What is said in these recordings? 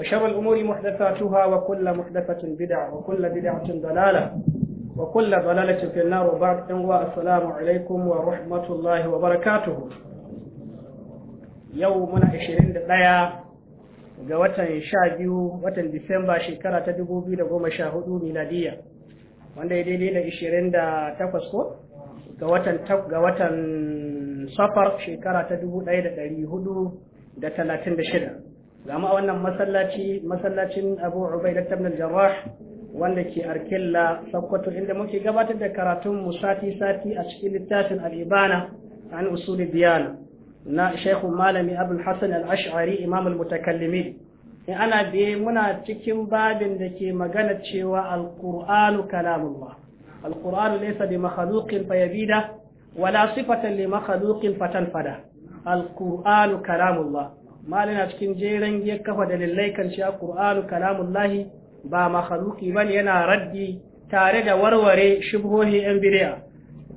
وشر الأمور محدثاتها وكل محدثة بدعة وكل بدعة ضلالة وكل ضلالة في النار وبعد السلام عليكم ورحمة الله وبركاته يومنا عشرين دقيقة ga watan sha biyu watan disamba shekara ta dubu biyu da goma sha hudu miladiya wanda ya daidai da ishirin da takwas ko ga watan ga watan safar shekara ta dubu ɗaya da ɗari hudu da talatin da shida ga mu a wannan masallaci masallacin Abu Ubaidah da al-Jarrah wanda ke Arkilla Sokoto inda muke gabatar da karatun mu sati sati a cikin littafin al'ibana. an usuli diyana na shaikhu Malami Abdul Hassan al-Ash'ari Imam in ana biye muna cikin babin da ke magana cewa al-Qur'anu kalamullah al-Qur'anu laysa bi makhluqin fayabida wala sifatan li makhluqin fatanfada al'kur'anu quranu kalamullah malina cikin jeren ya kafa dalilai kan cewa Qur'anu kalamullahi ba ba bane yana raddi tare da warware shubhohi yan bid'a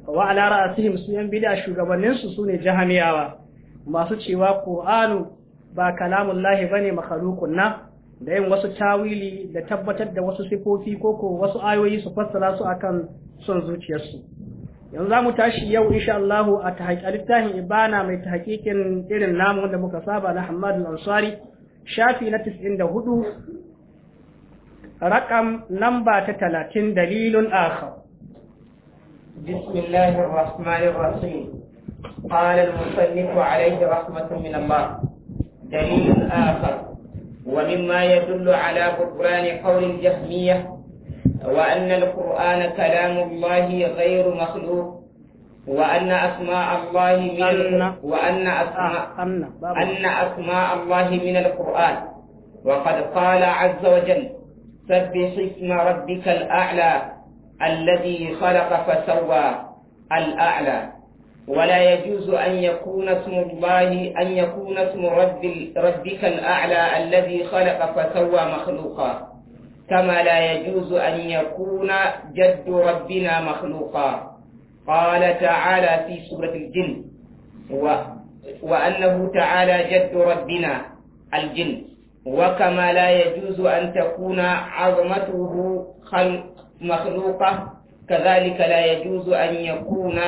wa ala ra'asihim su yan bid'a shugabanninsu su sune jahamiyawa masu cewa Qur'anu ba kalamullahi bane makhluqun na da yin wasu tawili da tabbatar da wasu sifofi ko ko wasu ayoyi su fassara su akan son zuciyarsu yanzu za mu tashi yau insha Allah a littafin ibana mai tahqiqin irin namu wanda muka saba na Hamad ansari shafi na 94 rakam namba ta 30 dalilun akhar بسم الله الرحمن الرحيم قال المصنف عليه رحمة من الله دليل آخر ومما يدل على بطلان قول الجهمية وأن القرآن كلام الله غير مخلوق وأن أسماء الله من أن وأن أسماء آه، أن, أن أسماء الله من القرآن وقد قال عز وجل سبح اسم ربك الأعلى الذي خلق فسوى الأعلى ولا يجوز أن يكون اسم الله أن يكون اسم رب ربك الأعلى الذي خلق فسوى مخلوقا كما لا يجوز أن يكون جد ربنا مخلوقا قال تعالى في سورة الجن و وأنه تعالى جد ربنا الجن وكما لا يجوز أن تكون عظمته مخلوقة كذلك لا يجوز أن يكون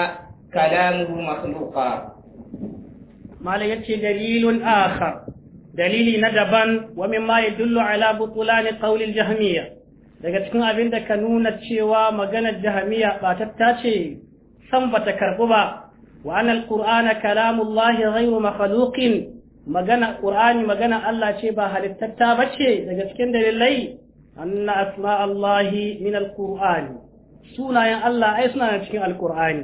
كلامه مخلوقا ما ليس دليل آخر dalili na daban wa mimma yadullu ala butulani daga cikin abin da ka nuna cewa maganar jahamiya ba ta ce san bata karɓi ba wa anna alqur'ana kalamullahi ghayru makhluqin magana qur'ani magana Allah ce ba halittatta ce daga cikin dalilai anna asma Allahi min alqur'ani sunayen Allah ai suna cikin alqur'ani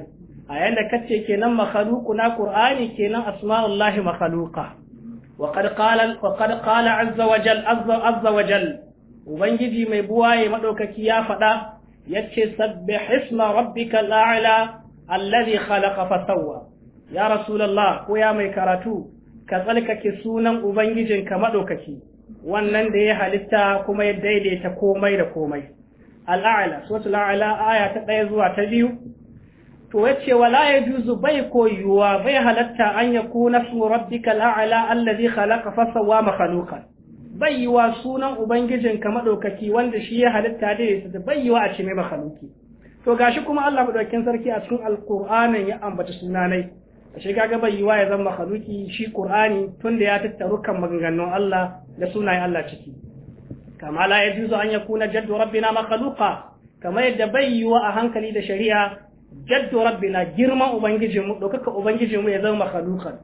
a yanda kace kenan makhluqu na ƙur'ani kenan asma'ullahi makhluqa وقد قال وقد قال عز وجل عز وجل ubangiji mai buwaye madaukaki ya faɗa yace sabbih isma rabbikal a'la alladhi khalaqa fasawwa ya rasulullah ko ya mai karatu ka tsalkake sunan ubangijinka madaukaki wannan da ya halitta kuma ya daidaita komai da komai al'ala suratul a'la aya ta 1 zuwa ta 2 to yace wala juzu bai koyuwa bai halatta an ya yakuna ismu rabbikal a'la alladhi khalaqa fa sawwa makhluqan bai wa sunan ubangijin ka madaukaki wanda shi ya halitta da ya bai yiwa a ce mai makhluki to gashi kuma Allah madaukakin sarki a cikin alqur'anin ya ambata sunanai shi kaga bai yiwa ya zama makhluki shi qur'ani tunda ya tattaru kan maganganun Allah da sunayen Allah ciki kama la yajuzu an yakuna jaddu rabbina makhluqa kamar yadda bai wa a hankali da shari'a jaddu rabbina girman ubangiji mu dokaka ubangijin mu ya zama makhluqan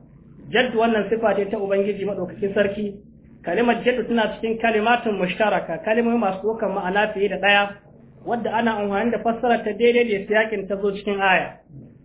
jaddu wannan sifa ce ta ubangiji madaukakin sarki kalimar jaddu tana cikin kalimatun mushtaraka kalimomi masu dokan ma'ana fiye da daya wadda ana amfani da fassara ta daidai da siyakin ta zo cikin aya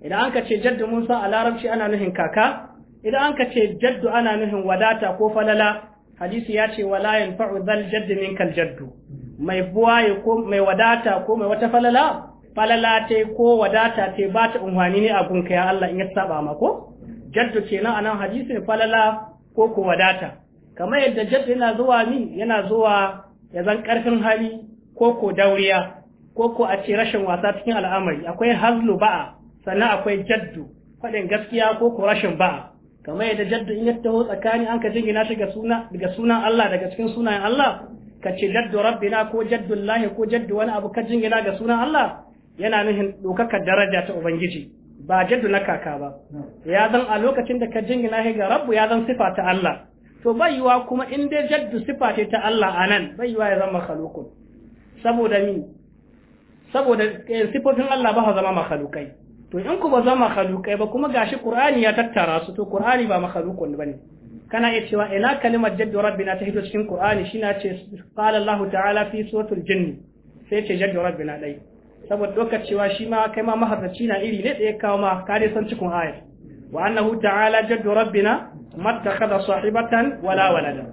idan anka ce jaddu Musa a larabci ana nufin kaka idan anka ce jaddu ana nufin wadata ko falala hadisi ya ce wala yanfa'u dhal jaddu minkal jaddu mai buwaye ko mai wadata ko mai wata falala falala ta ko wadata ta ba ta umarni ne abun ka ya Allah in ya saba ma ko jaddu kenan anan hadisin falala ko ko wadata kamar yadda jaddu yana zuwa ni yana zuwa ya zan karfin hali ko ko dauriya ko ko a ce rashin wasa cikin al'amari akwai hazlu ba'a sannan akwai jaddu faɗin gaskiya ko ko rashin ba'a kamar yadda jaddu in ya taho tsakani an ka jingina shi ga suna daga sunan Allah daga cikin sunayen Allah ka ce jaddu rabbina ko jaddu lahi ko jaddu wani abu ka jingina ga sunan Allah yana nufin ɗaukakar daraja ta ubangiji ba jaddu na kaka ba ya zan a lokacin da ka jingina shi ga rabbu ya zan sifa ta Allah to baiwa kuma in dai jaddu sifa ce ta Allah a nan baiwa ya zama makhluqun saboda mi saboda eh, sifofin Allah ba zama makhluqai to in ku ba zama makhluqai ba kuma gashi Qur'ani ya tattara su to Qur'ani ba makhluqun bane kana iya cewa ina kalimar jaddu rabbina ta hito cikin Qur'ani shi na ce qala Allah ta'ala fi suratul jinn sai ce jaddu rabbina dai saboda dokar cewa shi ma kai ma mahazzaci na iri ne da ya kawo ma ka dai san cikin ayat wa annahu ta'ala jaddu rabbina kada sahibatan wala walada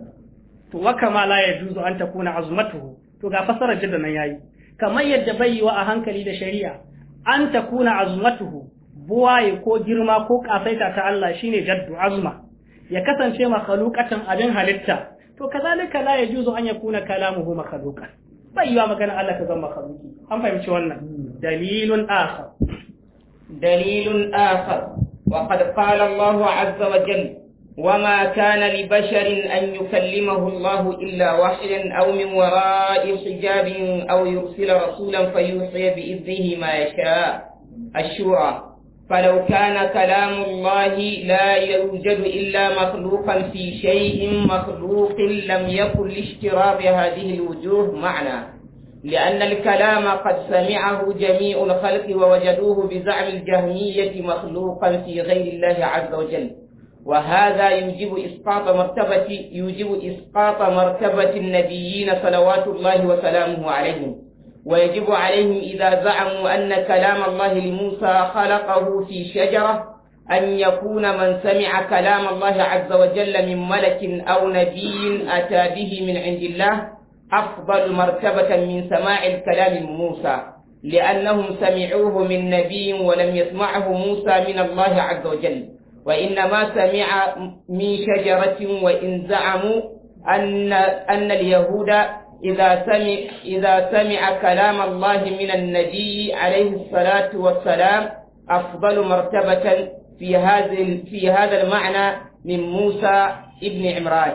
to wa kama la yajuzu an takuna azmatuhu to ga fasara jadda nan yayi kamar yadda bai yi wa a hankali da shari'a an takuna azmatuhu buwaye ko girma ko kasaita ta Allah shine jaddu azma ya kasance makhluqatan abin halitta to kazalika la yajuzu an yakuna kalamuhu makhluqan bai yiwa maganin Allah ta zama mahaluki an fahimci wannan dalilun akhar dalilun akhar wa qad qala Allah wa jalla wa ma kana li basharin an yukallimahu Allah illa wahyan aw min wara'i hijabin aw yursila rasulan fayuhi bi idhihi ma yasha ashura فلو كان كلام الله لا يوجد إلا مخلوقا في شيء مخلوق لم يكن لاشتراك هذه الوجوه معنى لأن الكلام قد سمعه جميع الخلق ووجدوه بزعم الجهمية مخلوقا في غير الله عز وجل وهذا يجب إسقاط مرتبة يوجب إسقاط مرتبة النبيين صلوات الله وسلامه عليهم ويجب عليهم إذا زعموا أن كلام الله لموسى خلقه في شجرة أن يكون من سمع كلام الله عز وجل من ملك أو نبي أتى به من عند الله أفضل مرتبة من سماع الكلام موسى لأنهم سمعوه من نبي ولم يسمعه موسى من الله عز وجل وإنما سمع من شجرة وإن زعموا أن, أن اليهود إذا سمع, إذا سمع كلام الله من النبي عليه الصلاة والسلام أفضل مرتبة في هذا في هذا المعنى من موسى ابن عمران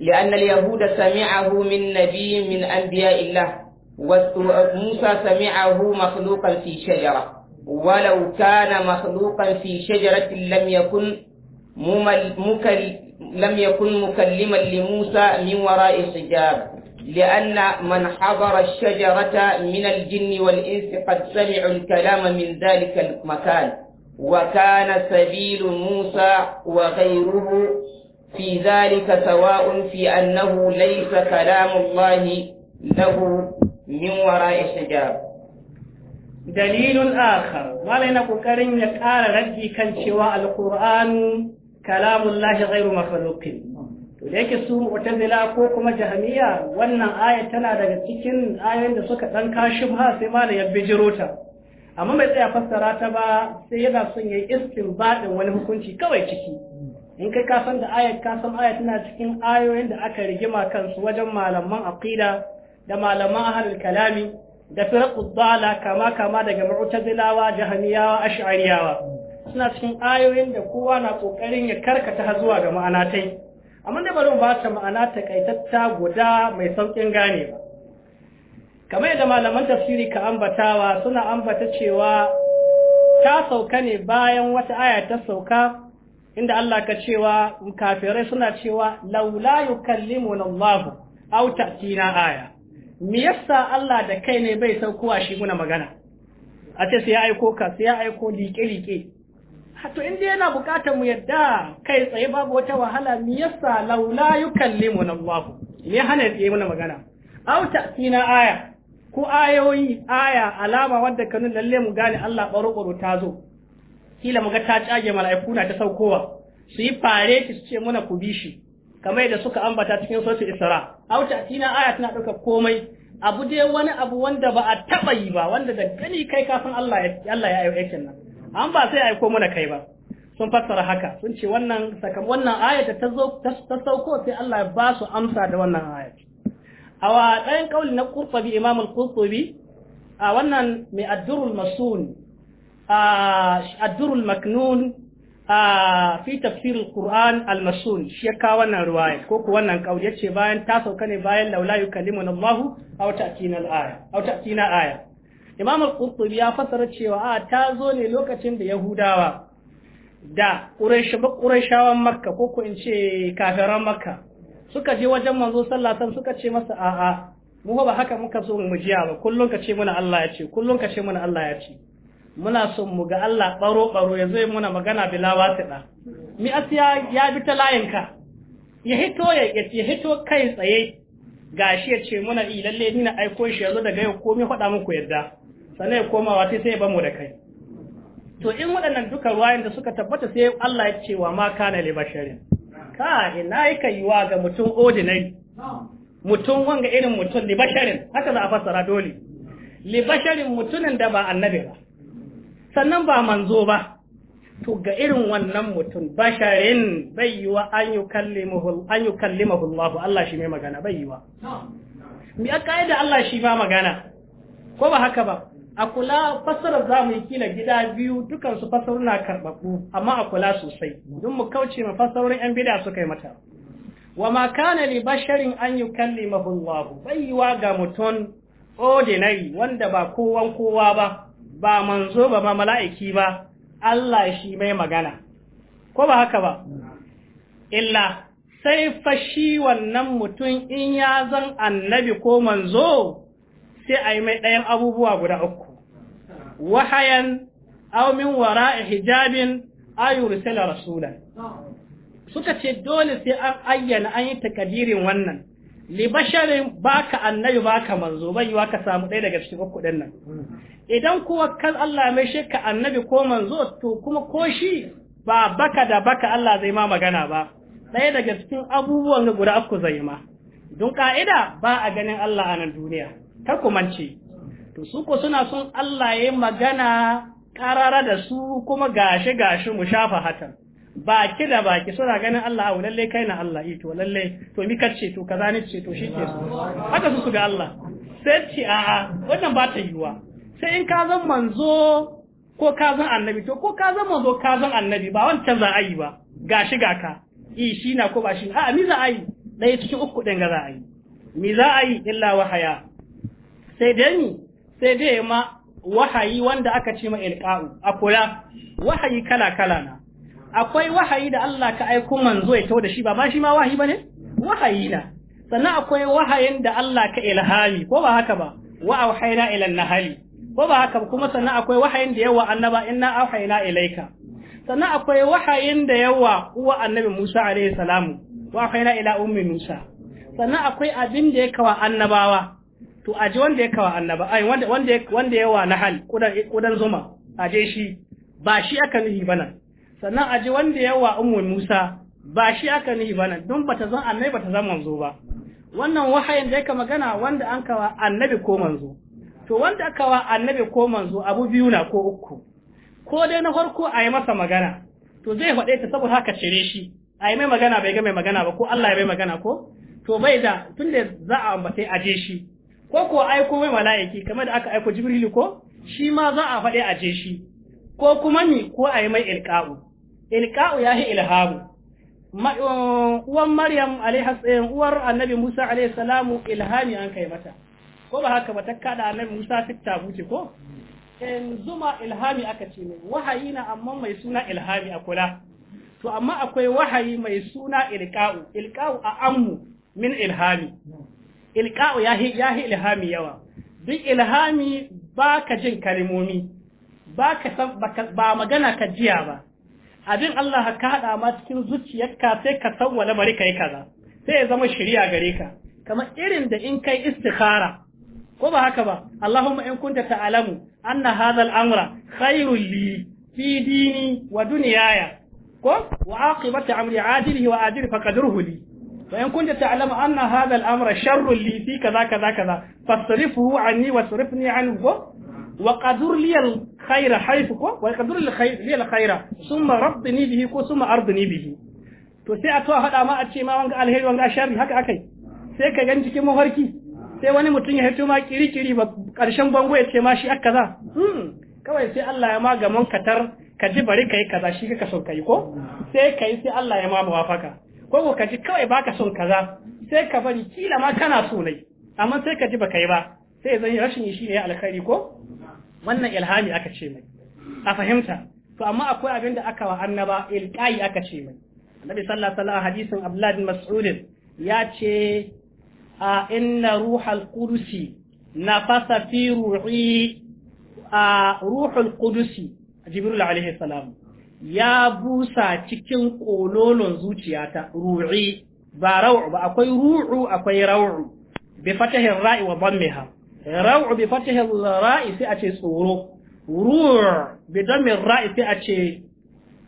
لأن اليهود سمعه من نبي من أنبياء الله وموسى سمعه مخلوقا في شجرة ولو كان مخلوقا في شجرة لم يكن لم يكن مكلما لموسى من وراء حجاب لأن من حضر الشجرة من الجن والإنس قد سمعوا الكلام من ذلك المكان وكان سبيل موسى وغيره في ذلك سواء في أنه ليس كلام الله له من وراء حجاب دليل آخر malai كريم kokarin رجي ƙara شواء القرآن kalamun lahi ghairu makhluqin to da yake su mu'tazila ko kuma jahmiya wannan ayat tana daga cikin ayoyin da suka dan kashi ba sai malam ya bijiro ta amma mai tsaya fassara ta ba sai yana son yayi istinbadin wani hukunci kawai ciki in kai ka san da ayat ka san ayat tana cikin ayoyin da aka rigima kansu wajen malaman aqida da malaman ahlul kalami da firqud dala kama kama daga mu'tazilawa jahmiyawa ash'ariyawa suna cikin ayoyin da kowa na kokarin ya karkata zuwa ga ma'ana tai amma da bari mu ba ta ma'ana takaitatta guda mai saukin gane ba kamar yadda malaman tafsiri ka ambatawa suna ambata cewa ta sauka ne bayan wata aya ta sauka inda Allah ka cewa kafirai suna cewa laula yukallimuna Allah aw ta'tina aya me yasa Allah da kai ne bai saukowa shi muna magana a ce sai ya aiko ka sai ya aiko liƙe-liƙe Hato inda yana bukatar mu yadda kai tsaye babu wata wahala mi yasa laula yukallimu Allah me hana yi mana magana aw Sina aya ko ayoyi aya alama wanda kanu lalle mu gane Allah baro baro ta zo kila muga ta cage mala'iku na ta saukowa su yi fare ki su ce muna ku bi shi kamar da suka ambata cikin suratul isra aw Sina aya tana dauka komai abu dai wani abu wanda ba a taba yi ba wanda da gani kai kafin Allah ya Allah ya nan an ba sai aiko mana kai ba sun fassara haka sun ce wannan sakam wannan ayata ta zo ta sauko sai Allah ya ba su amsa da wannan ayat awa ɗayan kauli na Qurtubi Imam al-Qurtubi a wannan mai addurul masun a maknun a fi tafsir al-Qur'an al-masun shi ya kawo wannan riwaya ko ku wannan kauli yace bayan ta sauka ne bayan laula yukallimuna Allahu aw ta'tina al-aya aw ta'tina aya imam al-qurtubi ya fasara cewa a ta zo ne lokacin da yahudawa da ƙurashawan makka ko ko in ce kafiran makka suka je wajen manzo sallatan suka ce masa a'a mu ba haka muka so mu jiya ba kullum ka ce muna Allah ya ce kullum ka ce muna Allah ya ce muna son mu ga Allah baro baro ya zai muna magana bila wasita mi asiya ya bi ta layinka ya hito ya hito kai tsaye gashi ya ce muna ilalle ni na aiko shi yanzu daga yau komai faɗa muku yadda sannan komawa sai sai bamu da kai to in waɗannan duka ruwayan da suka tabbata sai Allah ya ce wa ma kana li basharin ka ina yake yiwa ga mutum ordinary mutum wanga irin mutum li basharin haka za a fassara dole li basharin mutumin da ba annabi ba sannan ba manzo ba to ga irin wannan mutum basharin bai yi wa an kallimuhu an kallimuhu Allah Allah shi mai magana bai yi wa. mi aka da Allah shi ba magana ko ba haka ba a kula fasarar za mu yi kila gida biyu dukan su na karɓaɓɓu amma a kula sosai don mu kauce ma fassarorin yan bida suka yi mata wa ma kana li basharin an yukallimahu Allah baiwa ga mutum ordinary wanda ba kowan kowa ba ba manzo ba ba mala'iki ba Allah shi mai magana ko ba haka ba illa sai fa shi wannan mutum in ya zan annabi ko manzo sai a yi mai ɗayan abubuwa guda uku wahayan aumin min wara'i hijabin ay yursala rasulan suka ce dole sai an ayyana an yi takadirin wannan li basharin baka annabi baka manzo bai yiwa ka samu ɗaya daga cikin uku ɗin nan idan kuwa kan Allah mai ka annabi ko manzo to kuma ko shi ba baka da baka Allah zai ma magana ba ɗaya daga cikin abubuwan guda uku zai ma don ƙa'ida, ba a ganin Allah a nan duniya kar ku mance to su ko suna son Allah ya magana karara da su kuma gashi gashi mu shafa hatan baki da baki suna ganin Allah a lalle kai na Allah eh, to lalle to mi kace to kaza ne ce to shike su haka su su ga Allah sai ce a'a wannan ba ta yiwa sai in ka zan manzo ko ka zan annabi to ko ka zan manzo ka zan annabi ba wancan za a yi ba gashi ga ka yi e, shi na ko ba shi a'a mi za a yi ɗaya cikin uku ɗin ga za a yi mi za a yi illa wahaya sai dai ni sai dai ma wahayi wanda aka ce ma ilqa'u a kula wahayi kala kala na akwai wahayi da Allah ka aika manzo ya tawo da shi ba ma shi ma wahayi bane wahayi na sannan akwai wahayin da Allah ka ilhami ko ba haka ba wa auhayna ila nahali ko ba haka ba kuma sannan akwai wahayin da yawa annaba inna auhayna ilayka sannan akwai wahayin da yawa uwa annabi Musa alaihi salamu wa auhayna ila ummi Musa sannan akwai abin da ya kawa annabawa to aje wanda ya kawa annaba ai wanda wanda wanda ya wa nahal kudan kudan zuma aje shi ba shi aka nihi bana sannan aje wanda ya wa ummu Musa ba shi aka nihi bana don bata zan annabi bata zan manzo ba wannan wahayin da yake magana wanda an kawa annabi ko manzo to wanda aka wa annabi ko manzo abu biyu na ko uku ko dai na farko a yi masa magana to zai faɗe ta saboda haka cire shi a yi mai magana bai ga mai magana ba ko Allah ya bai magana ko to bai da tunda za a ambatai aje shi ko ko aiko mai mala'iki kamar da aka aiko jibrilu ko shi ma za a faɗi a je shi ko kuma ni ko a yi mai ilka'u ilka'u ya yi ilhamu um, uwan maryam alaihassayin uwar annabi musa alaihissalamu ilhami an kai mata ko ba haka ba ta kada annabi musa ta buce ko in zuma ilhami aka ce mai wahayi na amma mai suna ilhami a kula to amma akwai wahayi mai suna ilka'u ilka'u a ammu min ilhami ilqa'u yahi yahi ilhami yawa duk ilhami baka jin kalmomi baka san ba magana ka jiya ba abin Allah ka hada ma cikin zuciyarka sai ka san wala bari kai kaza sai ya zama shari'a gare ka kamar irin da in kai istikhara ko ba haka ba Allahumma in kunta ta'lamu anna hadha al-amra khairul li fi dini wa dunyaya ko wa aqibatu amri adilihi wa ajri faqadruhu li fa in kunta ta'lamu anna hadha al-amra sharrun li fi kaza kaza kaza fasrifuhu anni wasrifni anhu وقدر لي الخير حيث كو وقدر لي الخير ثم ربني به كو ثم أرضني به to sai a to haɗa ma a ce ma wanga alheri wanga sharri haka akai sai ka gan cikin mafarki sai wani mutum ya hito ma kirikiri ba karshen bango ya ce ma shi aka za hmm, kawai sai Allah ya ma gamon katar ka ji bari kai kaza shi ka son kai ko sai kai sai Allah ya ma mawafaka Koko ka ji kawai baka son kaza sai ka bari kila ma kana so nai amma sai ka ji baka yi ba sai zan rashin yi ya alkhairi ko wannan ilhami aka ce mai a fahimta to amma akwai abin da aka wa annaba ilqai aka ce mai annabi sallallahu alaihi wasallam hadisin abdullah bin mas'ud ya ce a inna ruhal qudusi nafasa fi ruhi a ruhul qudusi jibril alaihi salam ya busa cikin kololon zuciyata ru'i ba raw'u ba akwai ru'u akwai raw'u bi fatahin ra'i wa dammiha raw'u bi fatahin ra'i sai a ce tsoro ru'u bi dhammin ra'i sai a ce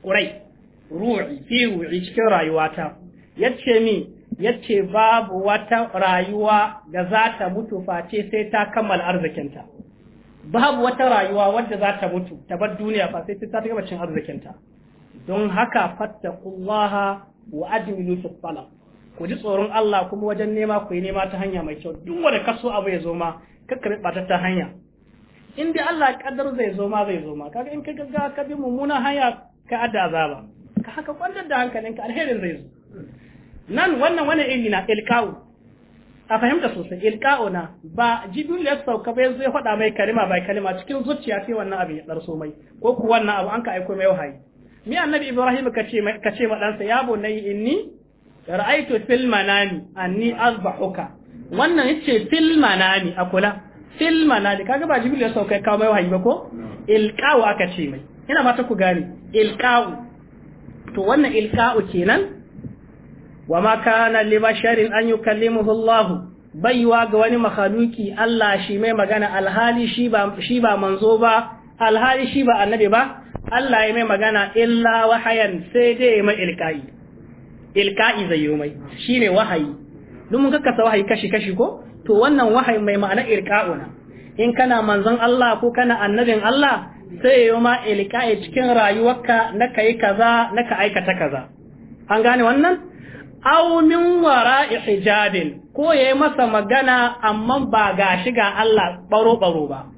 ƙurai. ru'i fi ru'i cikin rayuwata yace mi yace babu wata rayuwa da za ta mutu face sai ta kammala arzikinta babu wata rayuwa wadda za ta mutu ta bar duniya ba sai ta gaba cin arzikinta don haka fatta kullaha wa ajmilu yusuf ku ji tsoron Allah kuma wajen nema ku yi nema ta hanya mai kyau duk wanda kaso abu ya zo ma kakkare ba ta hanya in dai Allah ya kaddar zai zo ma zai zo ma kaga in ka gaggawa ka bi mummuna hanya ka adda azaba ka haka kwantar da hankalinka alherin zai zo nan wannan wani iri na ilkawu a fahimta sosai ilka'una ba jibin da ya sauka ba yanzu ya faɗa mai kalima bai kalima cikin zuciya sai wannan abu ya ɗarso mai ko ku wannan abu an ka aiko mai wahayi mi annabi ibrahim ka ce ka ce ma ɗansa ya bo nayi inni ra'aytu fil manami anni azbahuka wannan yace fil manami akula fil manami kaga ba jibin da ya sauka kawo mai wahayi ba ko ilka'u aka ce mai ina ma ta ku gane ilka'u to wannan ilka'u kenan wa ma kana li basharin an yukallimuhu Allah baiwa ga wani makhaluki Allah shi mai magana alhali shi ba shi ba manzo ba alhali shi ba annabi ba Allah ya mai magana illa wahayan sai dai mai ilka'i ilka'i zai yi mai ne wahayi duk mun kakkasa wahayi kashi kashi ko to wannan wahayi mai ma'ana ilka'una in kana manzon Allah ko kana annabin Allah sai yayi ma ilka'i cikin rayuwarka na kai kaza na ka aikata kaza an gane wannan aw min wara'i hijabin ko yayi masa magana amma ba ga shi ga Allah baro baro ba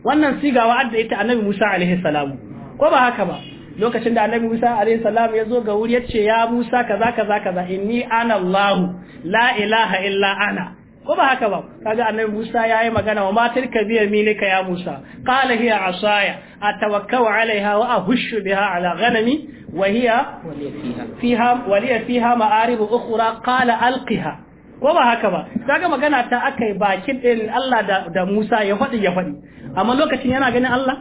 wannan sigawa adda ita annabi Musa alaihi salamu ko ba haka ba lokacin da annabi Musa alaihi Salamu ya zo ga wuri ya ce ya Musa kaza kaza kaza inni ana allahu la ilaha illa ana ko ba haka ba kaga annabi Musa yayi magana wa matar kabiya milika ya Musa qala hiya asaya atawakkau alaiha wa ahushu biha ala ghanami wa hiya fiha waliya fiha ma'arib ukhra qala alqiha ko ba haka ba kaga magana ta akai bakin din Allah da, da Musa ya fadi ya fadi amma lokacin yana ganin Allah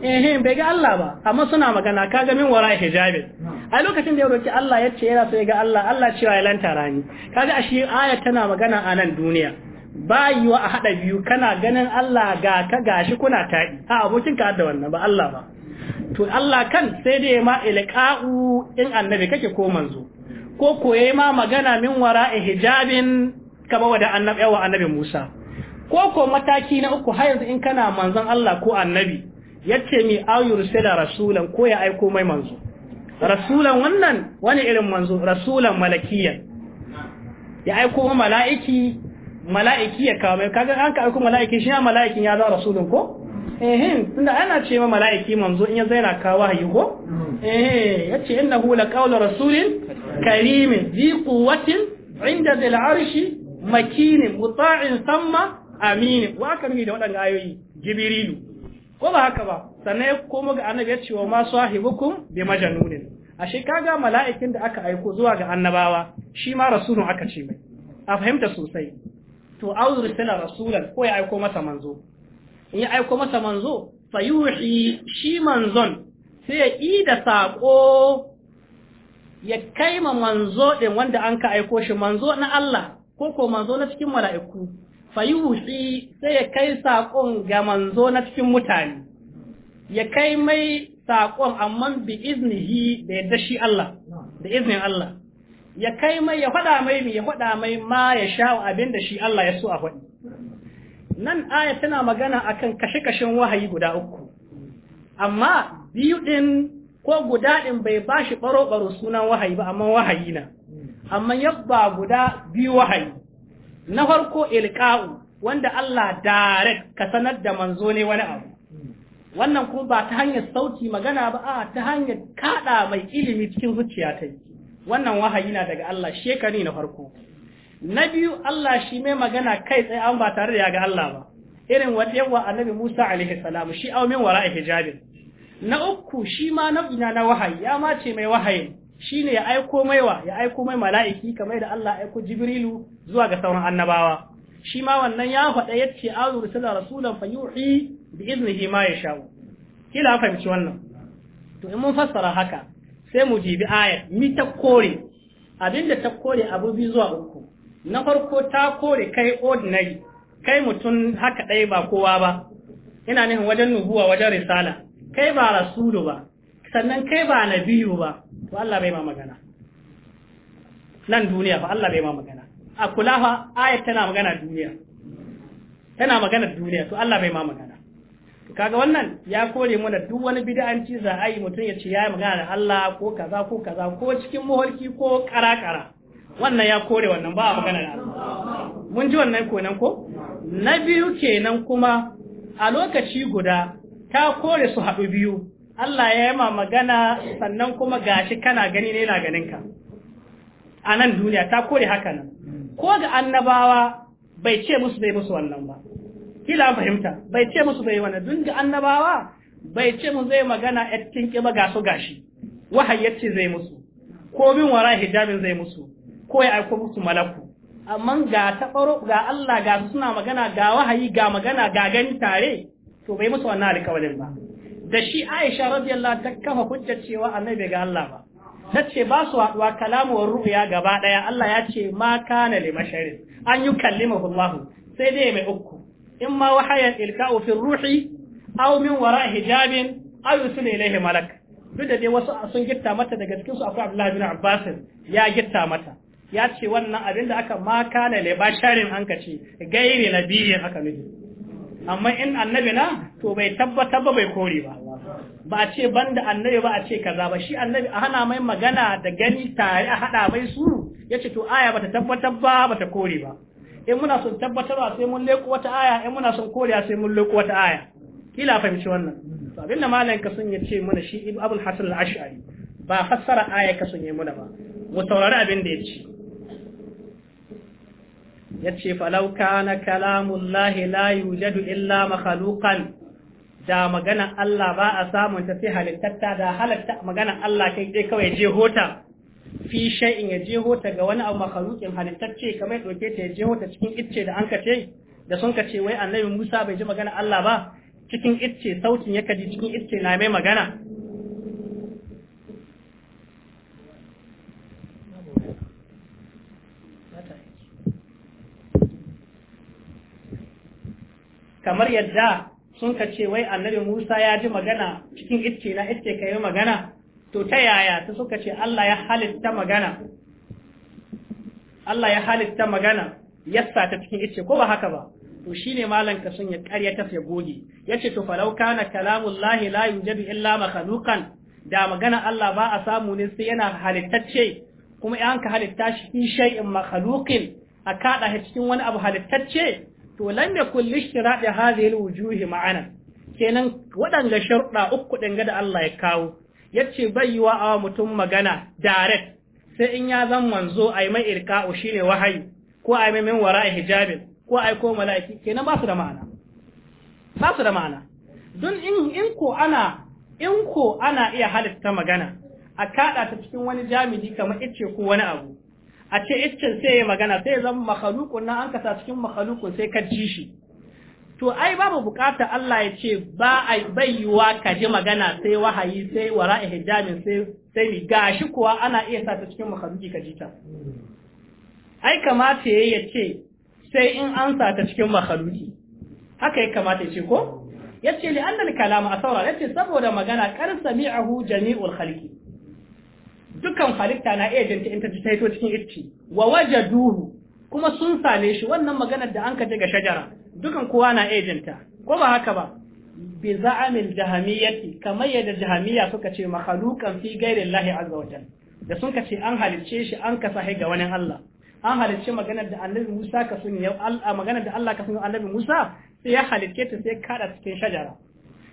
eh bai ga Allah ba amma suna magana kaga min wara hijabi a lokacin da ya roki Allah ya ce yana so ya ga Allah Allah cewa ya lanta rani kaga ashe aya tana magana a nan duniya ba wa a hada biyu kana ganin Allah ga ka gashi kuna taɗi a abokin ka da wannan ba Allah ba to Allah kan sai dai ma ilqa'u in annabi kake ko manzo ko koye ma magana min wara'i hijabin kaba wa annabi yawa annabi Musa ko ko mataki na uku har yanzu in kana manzon Allah ko annabi yace mi sai da rasulan ko ya aiko mai manzo rasulan wannan wani irin manzo rasulan malakiyan ya aiko mala'iki mala'iki ya kawo mai kaga an ka aiko mala'iki shi ya mala'ikin ya za rasulun ko ehin tunda ana ce ma mala'iki manzo in ya zaina kawo wahayi ko eh yace innahu laqawlu rasulin karimin zi quwwatin inda zil arshi makinin muta'in samma aminin wa aka da waɗanda ayoyi jibrilu ko ba haka ba sannan ya komo ga annabi ya ce wa ma sahibukum bi majnunin ashe kaga mala'ikin da aka aiko zuwa ga annabawa shi ma rasulun aka ce mai a fahimta sosai to auzu risala rasulan ko ya aiko masa manzo in ya aiko masa manzo fa yuhi shi manzon sai ya yi da saƙo ya kai ma manzo din wanda an ka aiko shi manzo na Allah ko ko manzo na cikin mala'iku Fa yuhi sai ya kai sakon ga manzo na cikin mutane ya kai mai saƙon amma bi iznihi da yadda shi Allah da iznin Allah ya kai mai ya faɗa mai ya faɗa mai ma ya sha abin da shi Allah ya so a faɗi nan aya tana magana akan kashe-kashen wahayi guda uku amma biyu ɗin ko guda ɗin bai ba shi ɓaro-ɓaro sunan wahayi ba amma wahayi na amma yabba guda biyu wahayi na farko ilka'u wanda Allah direct ka sanar da manzo ne wani abu wannan kuma ba ta hanyar sauti magana ba a ta hanyar kaɗa mai ilimi cikin zuciya ta yi wannan wahayi na daga Allah shekari na farko na biyu Allah shi mai magana kai tsaye an ba tare da ya ga Allah ba irin wata yawa annabi Musa alaihi salam shi au min wara'i hijabin na uku shi ma na ina na wahayi ya ma ce mai wahayi shine ya aiko mai wa ya aiko mai mala'iki kamar da Allah aiko Jibrilu zuwa ga sauran annabawa shi ma wannan ya faɗa yace azur sala rasulan fayuhi bi iznihi ma ya sha'u kila fahimci wannan to in mun fassara haka sai mu jibi ayar mi ta kore abinda ta kore abu bi zuwa uku na farko ta kore kai ordinary kai mutum haka ɗaya ba kowa ba ina nufin wajen nubuwa wajen risala kai ba rasulu ba sannan kai ba nabiyu ba to Allah bai ma magana nan duniya fa Allah bai ma magana a kula fa tana magana duniya tana magana duniya to Allah bai ma magana kaga wannan ya kore mana duk wani bid'anci za a yi mutum ya ce ya magana da Allah ko kaza ko kaza ko cikin muhalki ko karakara wannan ya kore wannan ba a magana da Allah mun ji wannan ko nan ko na biyu kenan kuma a lokaci guda ta kore su haɗu biyu Allah ya yi ma magana sannan kuma gashi kana gani ne na ganin ka a nan duniya ta kore haka nan ko ga annabawa bai ce musu bai musu wannan ba kila fahimta bai ce musu bai wani dun ga annabawa bai ce mu zai magana a cikin kiba ga su gashi wahayyaci zai musu ko bin wara hijabin zai musu ko ya aiko musu malaku amma ga faro ga Allah ga suna magana ga wahayi ga magana ga gani tare to bai musu wannan alƙawarin ba da shi Aisha radiyallahu ta kafa hujjar cewa annabi ga Allah ba nace ba su haɗuwa kalamu wa ru'ya gaba daya Allah ya ce ma kana li masharin an yukallimahu Allah sai dai mai uku in ma wahayan ilka'u fi ruhi aw min wara hijabi, aw yusul ilayhi malak duk da dai wasu sun gitta mata daga cikin su akwai Abdullahi bin Abbas ya gitta mata ya ce wannan abin da aka ma kana le basharin an ka ce gairi nabiyin aka miji. amma in annabi na to bai tabbatar ba bai kore ba ba a ce banda annabi ba a ce kaza ba shi annabi a hana mai magana da gani tare a hada mai su ce to aya bata tabbatar ba bata kore ba in muna son tabbatarwa sai mun leko wata aya in muna son koriya sai mun leko wata aya kila fahimci wannan to abinda malam ka sun yace mana shi ibnu abul hasan al-ash'ari ba fassara aya ka sun yi mana ba mu taurari abin da ya yace yace falau kana kalamullahi la yujadu illa makhluqan da magana Allah ba a samun ta sai halittatta da halatta magana Allah kai dai kawai je hota fi shay'in ya jeho ta ga wani abu makhluqin halittacce kamar doke ta ya jeho ta cikin icce da an kace da sun kace wai annabi Musa bai ji magana Allah ba cikin icce sautin ya kaji cikin icce na mai magana kamar yadda sun ka ce wai annabi Musa ya ji magana cikin icce na icce kai magana to ta yaya ta suka ce Allah ya halitta magana Allah ya halitta magana yassa ta cikin ice ko ba haka ba to shine malam kasun ya karyata ya goge yace to falau kana kalamullahi la yujadu illa makhluqan da magana Allah ba a samu ne sai yana halittacce kuma in ka halitta shi fi shay'in makhluqin a kada cikin wani abu halittacce to lam yakul lishtiradi hadhihi alwujuhi ma'ana kenan waɗanga sharuɗa uku dinga da Allah ya kawo yace bai yi wa awa mutum magana direct sai in ya zan manzo ai mai irka'u ne wahayi ko ai mai min wara hijabin ko ai ko mala'iki kenan ba su da ma'ana ba su da ma'ana don in in ko ana in ko ana iya halitta magana a kada ta cikin wani jami'i kamar icce ko wani abu a ce iccen sai ya magana sai ya zama makhalukun na an kasa cikin makhalukun sai ka ji shi to ai babu bukata Allah ya ce ba a bayyuwa ka ji magana sai wahayi sai wara hijamin sai sai mi gashi kuwa ana iya sa ta cikin makaruki ka ji ta ai kamata ya ce sai in an sa ta cikin makaruki haka ya kamata ya ce ko Ya ce li annal kalama asawra yace saboda magana kar sami'ahu jami'ul khalqi dukan halitta na iya jinta in ta ta cikin itti wa wajaduhu kuma sun same shi wannan maganar da an ka ga shajara dukan kowa na ejinta ko ba haka ba bi za'amil jahamiyyati kamar yadda jahamiyya suka ce makhluqan fi ghairi Allah azza wa jalla da suka ce an halicce shi an kasa ga wani Allah an halicce maganar da Annabi Musa ka sun yau maganar da Allah ka sun Annabi Musa sai ya halicce ta sai kada cikin shajara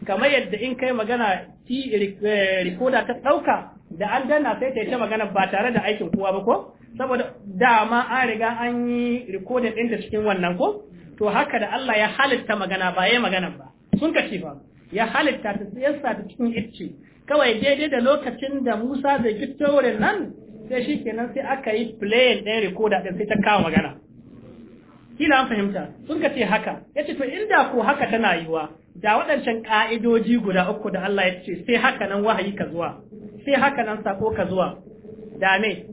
kamar yadda in kai magana ti eh, recorder ta dauka da an danna sai ta yi ta magana ba tare da aikin kowa ba ko saboda dama an riga an yi recording din da cikin wannan ko to haka da Allah ya halitta magana ba ya magana ba sun kace ba ya halitta ta yasa ta cikin icce kawai daidai da lokacin da Musa zai fito wurin nan sai shi kenan sai aka yi play ɗin recorder ɗin sai ta kawo magana kila an fahimta sun ka ce haka ya ce to inda ko haka tana yiwa da waɗancan ka'idoji guda uku da Allah ya ce sai haka nan wahayi ka zuwa sai haka nan sako ka zuwa da me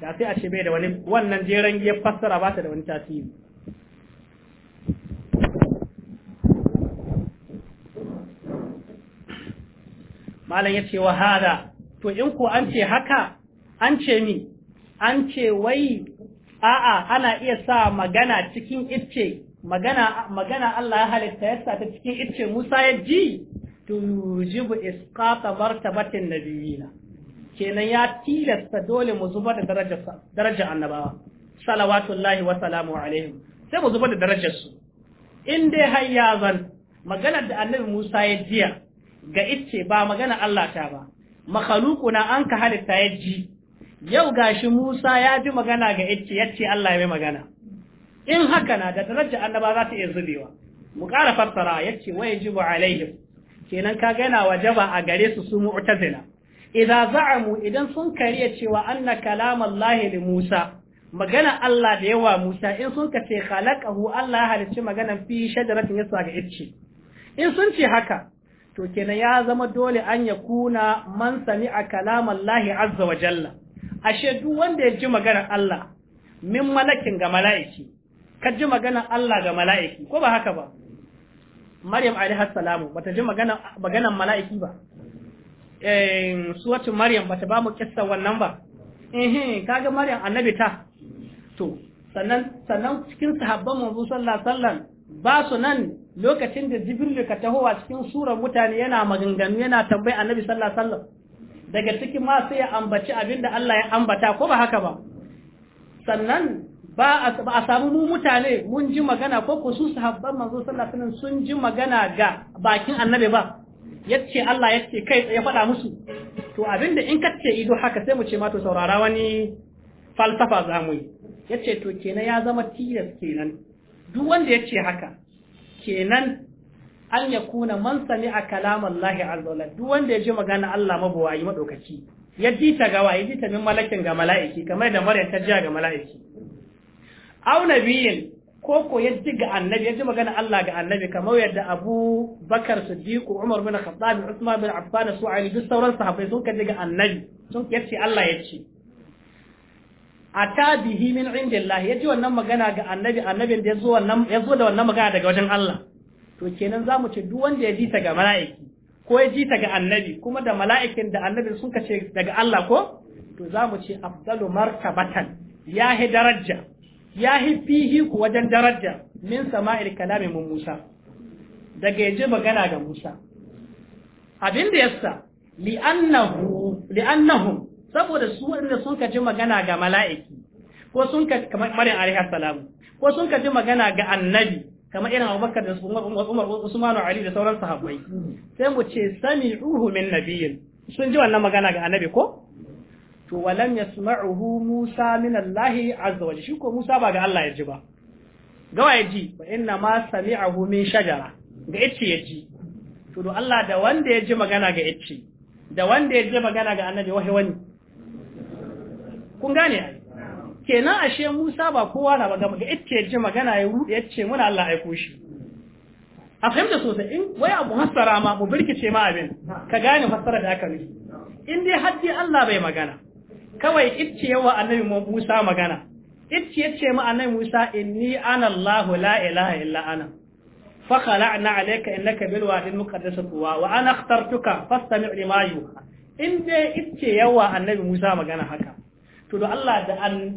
da sai a ce bai da wani wannan jeran ya fassara ba ta da wani tasiri malam ya ce wa hada to in ko an ce haka an ce mi an ce wai a'a ana iya sa magana cikin icce magana magana Allah ya halitta ya sa ta cikin icce Musa ya ji to yujibu isqata martabatin nabiyina kenan ya tilasta dole mu zubar da darajar darajar annabawa salawatullahi wa salamu alaihim sai mu zubar da darajar in dai har ya zan maganar da annabi Musa ya jiya ga icce ba magana Allah ta ba na an ka halitta ya ji yau gashi Musa ya ji magana ga icce ya ce Allah ya mai magana in haka na da daraja annaba za ta iya zubewa mu ƙara fassara ya ce wa yajibu alaihim kenan ka wa wajaba a gare su su mu'tazila idza za'amu idan sun kariya cewa anna kalaman Allah li Musa magana Allah da yawa Musa in sun ka ce khalaqahu Allah halicci magana fi shajaratin yasa ga icce in sun ce haka to kenan ya zama dole an ya kuna man kalaman lahi azza wa jalla ashe duk wanda ya ji maganar Allah min malakin ga mala'iki ka ji maganar Allah ga mala'iki ko ba haka ba Maryam alaihi salamu bata ji maganar mala'iki ba eh suwatu Maryam bata ba mu kissa wannan ba eh kaga Maryam annabi ta to sannan sannan cikin sahabban manzo sallallahu alaihi wasallam ba su nan lokacin da jibril ka a cikin sura mutane yana maganganu yana tambayi annabi sallallahu alaihi daga cikin ma sai ya ambaci abinda Allah ya ambata ko ba haka ba sannan ba a samu mu mutane mun ji magana ko ku su sahabban manzo sallallahu alaihi wasallam sun ji magana ga bakin annabi ba yace Allah yace kai ya faɗa musu to abinda in ka ce ido haka sai mu ce ma to saurara wani falsafa zamu yi yace to kenan ya zama tilas kenan duk wanda yace haka kenan an ya kuna man sami a kalaman lahi azza wanda ya ji magana Allah mabawayi madaukaki ya ji ta gawa ya ji ta min malakin ga mala'iki kamar da Maryam ta ga mala'iki auna biyin ko ko ya ji ga annabi ya ji magana Allah ga annabi kamar yadda Abu Bakar Umar bin Khattab Usman bin Affan su Ali duk sauran sahabbai sun ka ji ga annabi sun yace Allah yace ata bihi min indillah yaji wannan magana ga annabi annabin da yazo wannan yazo da wannan magana daga wajen Allah to kenan zamu ce duk wanda ya ji ta ga mala'iki ko ya ji ta ga annabi kuma da mala'ikin da annabi sun kace daga Allah ko to zamu ce afdalu martabatan yahi daraja yahi fihi ku wajen daraja min sama'il kalami mun Musa daga yaji magana ga Musa abin da yasa li'annahu li'annahum saboda su wanda sun ka ji magana ga mala'iki ko sun ka kamar Maryam alaihi Salamu, ko sun ka ji magana ga annabi kamar irin Abubakar da Umar Usman Ali da sauran sahabbai sai mu ce sami'uhu min nabiyyin sun ji wannan magana ga annabi ko to walam yasma'uhu Musa min Allah azza wa shi ko Musa ba ga Allah ya ji ba gawa ya ji wa inna ma sami'ahu min shajara ga ice ya ji to do Allah da wanda ya ji magana ga ice da wanda ya ji magana ga annabi wahi wani kun gane kenan ashe Musa ba kowa na ba ga ita ji magana ya ruɗe ya ce muna Allah aiko shi a fahimta sosai in wai abu hasara ma mu birkice ma abin ka gane fassara da aka nufi in dai haddi Allah bai magana kawai ita yawa annabi Musa magana ita ya ce ma annabi Musa inni ana Allah la ilaha illa ana fa khala'na alayka innaka bil wadil muqaddas tuwa wa ana akhtartuka fastami' lima yuha in dai ita yawa annabi Musa magana haka to Allah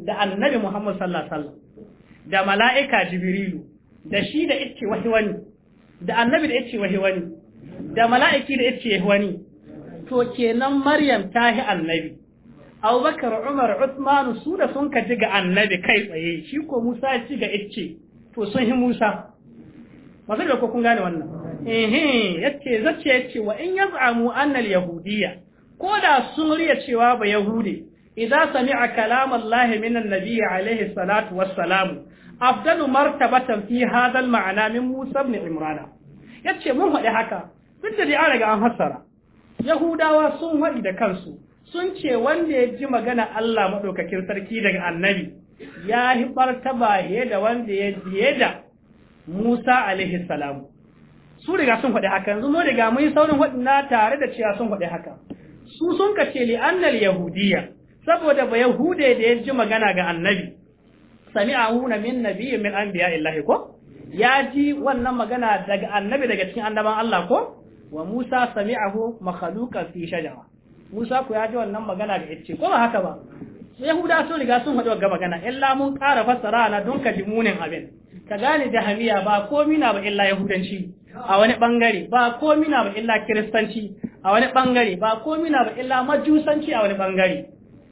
da annabi Muhammad sallallahu alaihi da mala'ika Jibrilu da shi da yace wahi wani da annabi da yace wahi wani da mala'iki da yace wahi wani to kenan Maryam ta hi annabi Abubakar Umar Uthman su da sun ka ji ga annabi kai tsaye shi ko Musa ya ci ga yace to sun hi Musa masu da kun gane wannan ehe yace zace yace wa in yaz'amu anna al-yahudiyya ko da sun riya cewa ba yahude idza sami'a kalam Allah min annabi alaihi salatu wassalam afdalu martabatan fi hadha al-ma'na min Musa ibn Imran yace mun faɗi haka duk da an riga an fassara Yahudawa sun faɗi da kansu sun ce wanda ya ji magana Allah madaukakin sarki daga annabi ya hi martaba da wanda ya ji da Musa su riga sun faɗi haka yanzu mun riga mun yi saurin faɗi tare da cewa sun faɗi haka su sun kace li annal yahudiyya saboda ba yahude da ya ji magana ga annabi sami'ahu na min nabiyyin min anbiya illahi ko ya ji wannan magana daga annabi daga cikin annaban Allah ko wa Musa sami'ahu makhaluka fi shajara Musa ku ya ji wannan magana da yace ko ba haka ba Yahuda sun riga sun hadu ga magana illa mun ƙara fassara na don ka ji munin abin ka gane jahamiya ba ko mina ba illa yahudanci a wani bangare ba ko mina ba illa kiristanci a wani bangare ba ko mina ba illa majusanci a wani bangare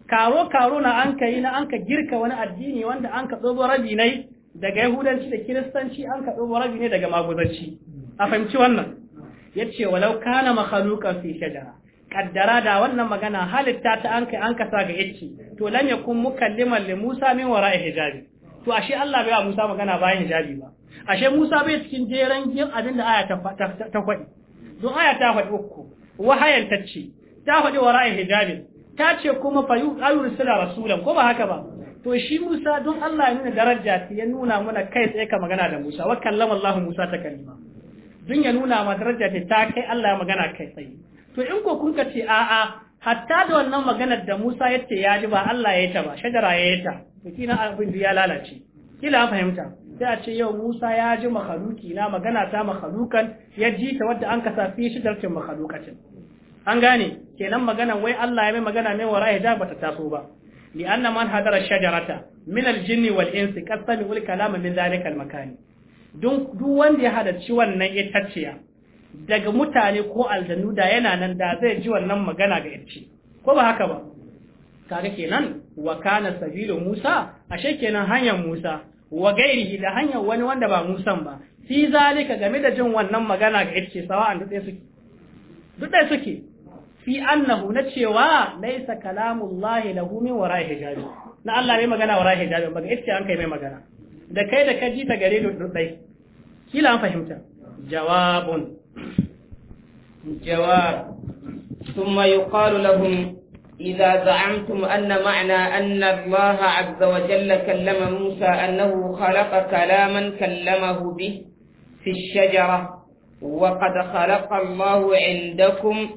karo karo na an ka yi na an ka girka wani addini wanda an ka ɗobo rabi ne daga yahudanci da kiristanci an ka ɗobo rabi ne daga maguzanci a fahimci wannan ya ce walau kana makhalukan fi shajara kaddara da wannan magana halitta ta an kai an kasa ga yacce to lam yakun mukalliman li Musa min wara'i hijabi to ashe Allah bai wa Musa magana bayan hijabi ba ashe Musa bai cikin jeran gin abin da aya ta faɗi don aya ta faɗi uku wahayan tacce ta faɗi wara'i hijabi ta ce kuma fa yursila rasulan ko ba haka ba to shi Musa don Allah ya nuna daraja ta ya nuna mana kai tsaye ka magana da Musa wa kallama Allah Musa ta kalima don ya nuna ma daraja ta ta kai Allah ya magana kai tsaye to in ko kun ka ce a'a hatta da wannan maganar da Musa ya ce ya ji ba Allah ya ta ba shajara ya ta to kina abin ya lalace kila fahimta sai a ce yau Musa ya ji makhaluki na magana ta makhalukan ya ji ta wadda an kasafi shajarcin makhalukatin an gane kenan magana wai Allah ya mai magana mai wara hijab bata taso ba li anna man hadara shajarata min al-jinn wal insi qad sami'u kalam min dhalika al-makan duk wanda ya halarci wannan itacciya daga mutane ko aljannu da yana nan da zai ji wannan magana ga yace ko ba haka ba kaga kenan wa kana sabilu Musa ashe kenan hanyar Musa wa gairihi da hanyar wani wanda ba Musan ba fi zalika game da jin wannan magana ga yace sawa an dutse su duk ɗaya suke fi annahu na cewa laisa kalamullahi lahu min wara'i hijabi na Allah mai magana wara'i hijabi ba ga iske an kai mai magana da kai da kaji ta gare duk ɗai kila an fahimta jawabun jawab ثم يقال لهم إذا زعمتم أن معنى أن الله عز وجل كلم موسى أنه خلق كلاما كلمه به في الشجرة وقد خلق الله عندكم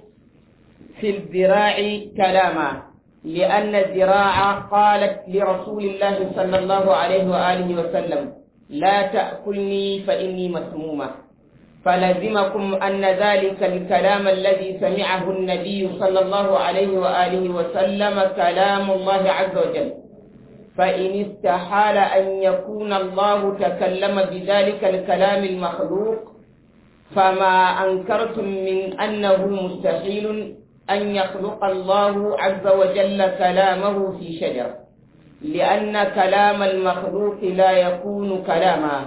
في الذراع كلاما لأن الذراع قالت لرسول الله صلى الله عليه وآله وسلم لا تأكلني فإني مسمومة فلزمكم أن ذلك الكلام الذي سمعه النبي صلى الله عليه وآله وسلم كلام الله عز وجل فإن استحال أن يكون الله تكلم بذلك الكلام المخلوق فما أنكرتم من أنه مستحيل أن يخلق الله عز وجل كلامه في شجر لأن كلام المخلوق لا يكون كلاما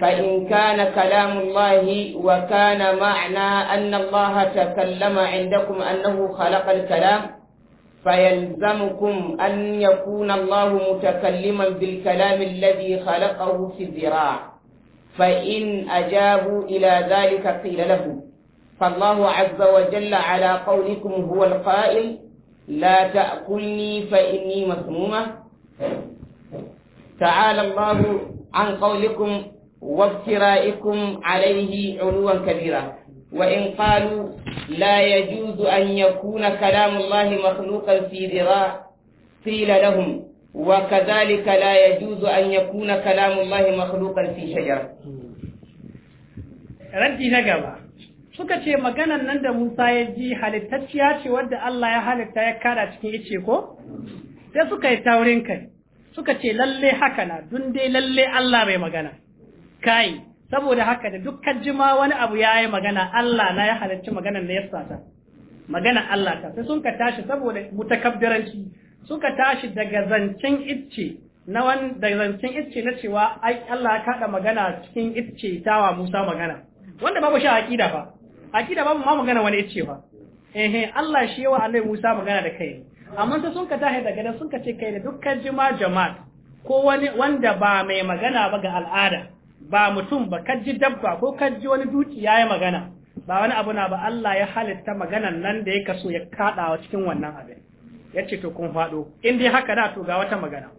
فإن كان كلام الله وكان معنى أن الله تكلم عندكم أنه خلق الكلام فيلزمكم أن يكون الله متكلما بالكلام الذي خلقه في الذراع فإن أجابوا إلى ذلك قيل لهم فالله عز وجل على قولكم هو القائل لا تأكلني فإني مسمومة تعالى الله عن قولكم وافترائكم عليه علوا كبيرا وإن قالوا لا يجوز أن يكون كلام الله مخلوقا في ذراع قيل لهم وكذلك لا يجوز أن يكون كلام الله مخلوقا في شجرة ردي gaba, suka ce maganan nan da Musa ya ji halittacciya ce wadda Allah ya halitta ya kada cikin ice ko? Sai suka yi taurin kai, suka ce lalle haka na, dun dai lalle Allah bai magana. Kai, saboda haka da dukkan jima wani abu ya yi magana Allah na ya halitta maganan da ya ta. Magana Allah ta, sai sun ka tashi saboda mutakabbiranci suka tashi daga zancen icce na wanda zancen itce na cewa ai Allah ya kada magana cikin icce tawa Musa magana wanda babu shi aqida fa aqida babu ma magana wani icce fa eh Allah shi yawa Annabi Musa magana da kai amma sai sun ka tashi daga nan sun ka ce kai da dukkan jama'a jama'a ko wani wanda ba mai magana ba ga al'ada ba mutum ba kaji dabba ko kaji wani dukiya ya magana ba wani abu na ba Allah ya halitta maganan nan da ya kaso ya kaɗawa cikin wannan abin ce to kun faɗo. in dai haka da to ga wata magana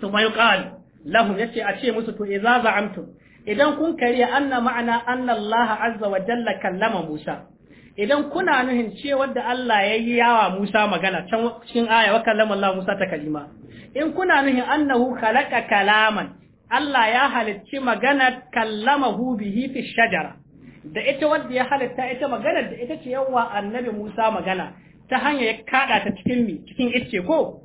to mai qal lahum yace a ce musu to idza za'amtum idan kun karya anna ma'ana anna Allah azza wa jalla kallama Musa idan kuna nuhin cewar da Allah ya yi yawa Musa magana can cikin aya wa kallama Allah Musa ta kalima in kuna nuhin annahu khalaqa kalaman Allah ya halicci magana kallama bihi fi shajara da ita wadda ya halitta ita magana da ita ce yawa annabi Musa magana ta hanya ya kada ta cikin mi cikin ice ko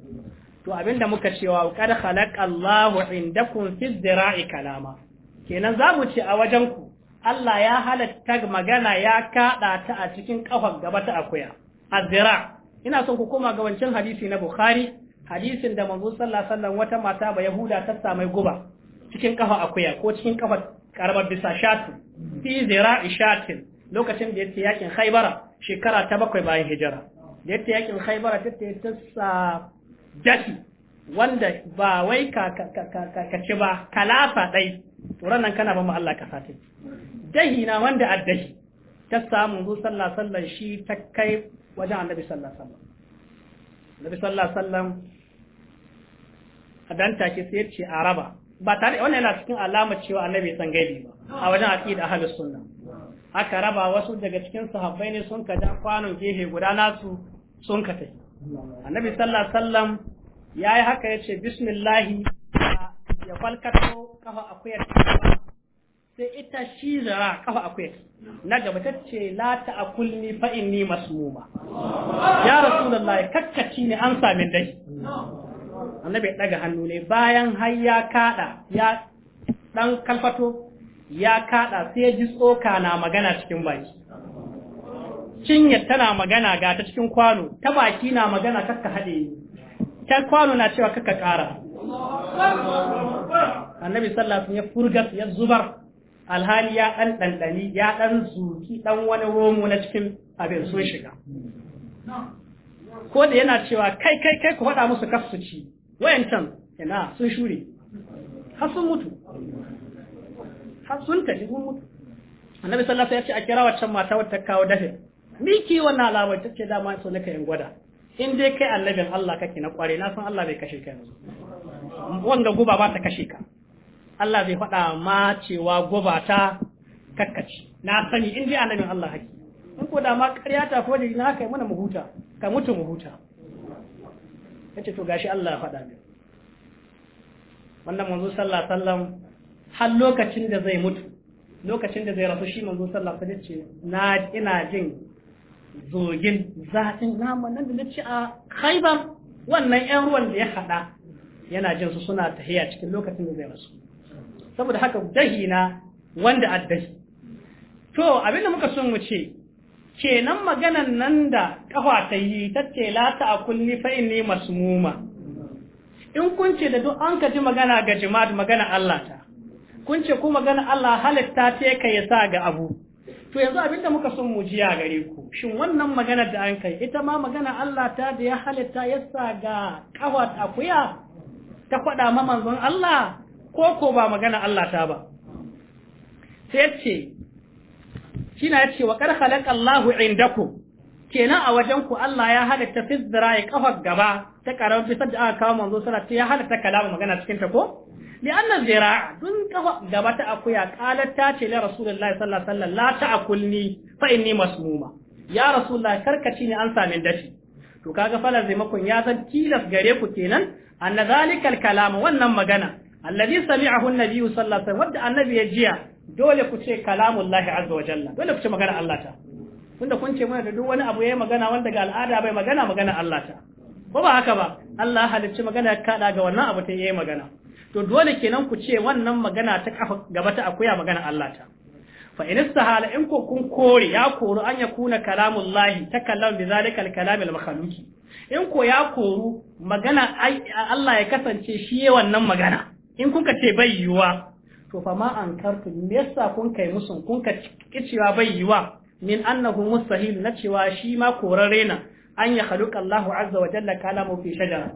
to abinda muka cewa qad khalaqallahu indakum fi dhira'i kalama kenan zamu ce a wajen ku Allah ya halatta magana ya kada ta a cikin kafar gaba ta akuya azira ina son ku koma ga wancan hadisi na Bukhari hadisin da manzo sallallahu alaihi wasallam wata mata ba Yahuda ta mai guba cikin kafa akuya ko cikin kafa karamar bisa shatu fi zira'i shatin lokacin da yake yakin khaybara shekara ta bakwai bayan hijira da yadda yakin khaibara ta ta sa dashi wanda ba wai ka ci ba kalafa ɗai turan nan kana ba ma Allah ka sati dahi na wanda addashi ta samu zu sallah sallan shi ta kai wajen annabi sallah sallan annabi sallah sallan a dan take sai ce araba ba tare wannan yana cikin alama cewa annabi gaibi ba a wajen aqida ahlus sunna aka raba wasu daga cikin sahabbai ne sun ka kwanon gehe guda nasu sun ka tafi. annabi sallallahu alaihi wasallam yayi haka yace bismillahi ya falkato kafa akuyar sai ita shi zara kafa akuyar na gaba ta ce la ta akulni fa inni masmuma ya rasulullahi kakkaci ne an sami dai annabi daga hannu ne bayan har ya kada ya dan kalfato ya kada sai ji tsoka na magana cikin baki cinyar tana magana ga ta cikin kwano ta baki na magana kakka haɗe ta kwano na cewa kakka ƙara annabi sallallahu ya furgas ya zubar alhali ya ɗan ɗanɗani ya ɗan zuki ɗan wani romo na cikin abin sun shiga ko da yana cewa kai kai kai ku faɗa musu kasu ci wayancan ina sun shure har sun mutu har sun tafi sun mutu annabi sallallahu ya ce a kira waccan mata wata kawo dafin ni wannan alamar ta ce dama so naka yin gwada in dai kai annabin Allah kake na kware na san Allah bai kashe ka yanzu wanda guba ba ta kashe ka Allah bai faɗa ma cewa guba ta kakkaci na sani in dai annabin Allah haki in ko da ma ƙarya ta ko da na haka mana mu huta ka mutu mu huta kace to gashi Allah ya faɗa min wannan manzo sallallahu alaihi wasallam har lokacin da zai mutu lokacin da zai rasu shi manzo sallallahu alaihi wasallam ce na ina jin zogin zafin naman nan da na ci a haibar. wannan yan ruwan da ya haɗa yana jin su suna tahiya cikin lokacin da zai rasu saboda haka dahi na wanda addahi to abin da muka sun mu ce kenan maganan nan da kafa ta yi ta tela ta ta kulli fa'in ne masu masmuma in kun ce da duk an ka ji magana ga jima'a magana Allah ta kun ce ko magana Allah halitta ce ka yasa ga abu to yanzu abinda muka son mu jiya gare ku shin wannan magana da an kai ita ma magana Allah ta da ya halitta yasa ga kafa akuya ta faɗa ma Allah ko ko ba magana Allah ta ba sai ce shi na ce wa kar khalaqa Allahu kenan a wajen ku Allah ya halitta fi zira'i kafar gaba ta karamin fisar da aka kawo manzo sallallahu alaihi ya halitta kalama magana cikin ta ko li'anna zira'a dun kafa gaba ta akuya qalat ta ce la rasulullahi sallallahu alaihi wasallam la ta'kulni fa inni masmuma ya rasulullahi karkaci ne an sami dashi to kaga falar zai makon ya zan tilas gare ku kenan anna zalikal kalam wannan magana alladhi sami'ahu an-nabi sallallahu alaihi wasallam wadda annabi ya jiya dole ku ce kalamullahi azza wa jalla dole ku magana Allah ta tunda kun ce mana da duk wani abu yayi magana wanda al'ada bai magana magana Allah ta ko ba haka ba Allah halicci magana ya kada ga wannan abu ta yayi magana to dole kenan ku ce wannan magana ta kafa gaba ta akuya magana Allah ta fa in istahala in ko kun kore ya koru an yakuna kalamullahi takallam bi zalika al-kalam al-makhluqi in ko ya koru magana Allah ya kasance shi yayi wannan magana in kun ka ce bai yiwa to fa ma ankartu me yasa kun kai musu kun ka cewa bai yiwa min annahu mustahil na cewa shi ma korarre na an ya khaluqa Allahu azza wa jalla kalamu fi shajara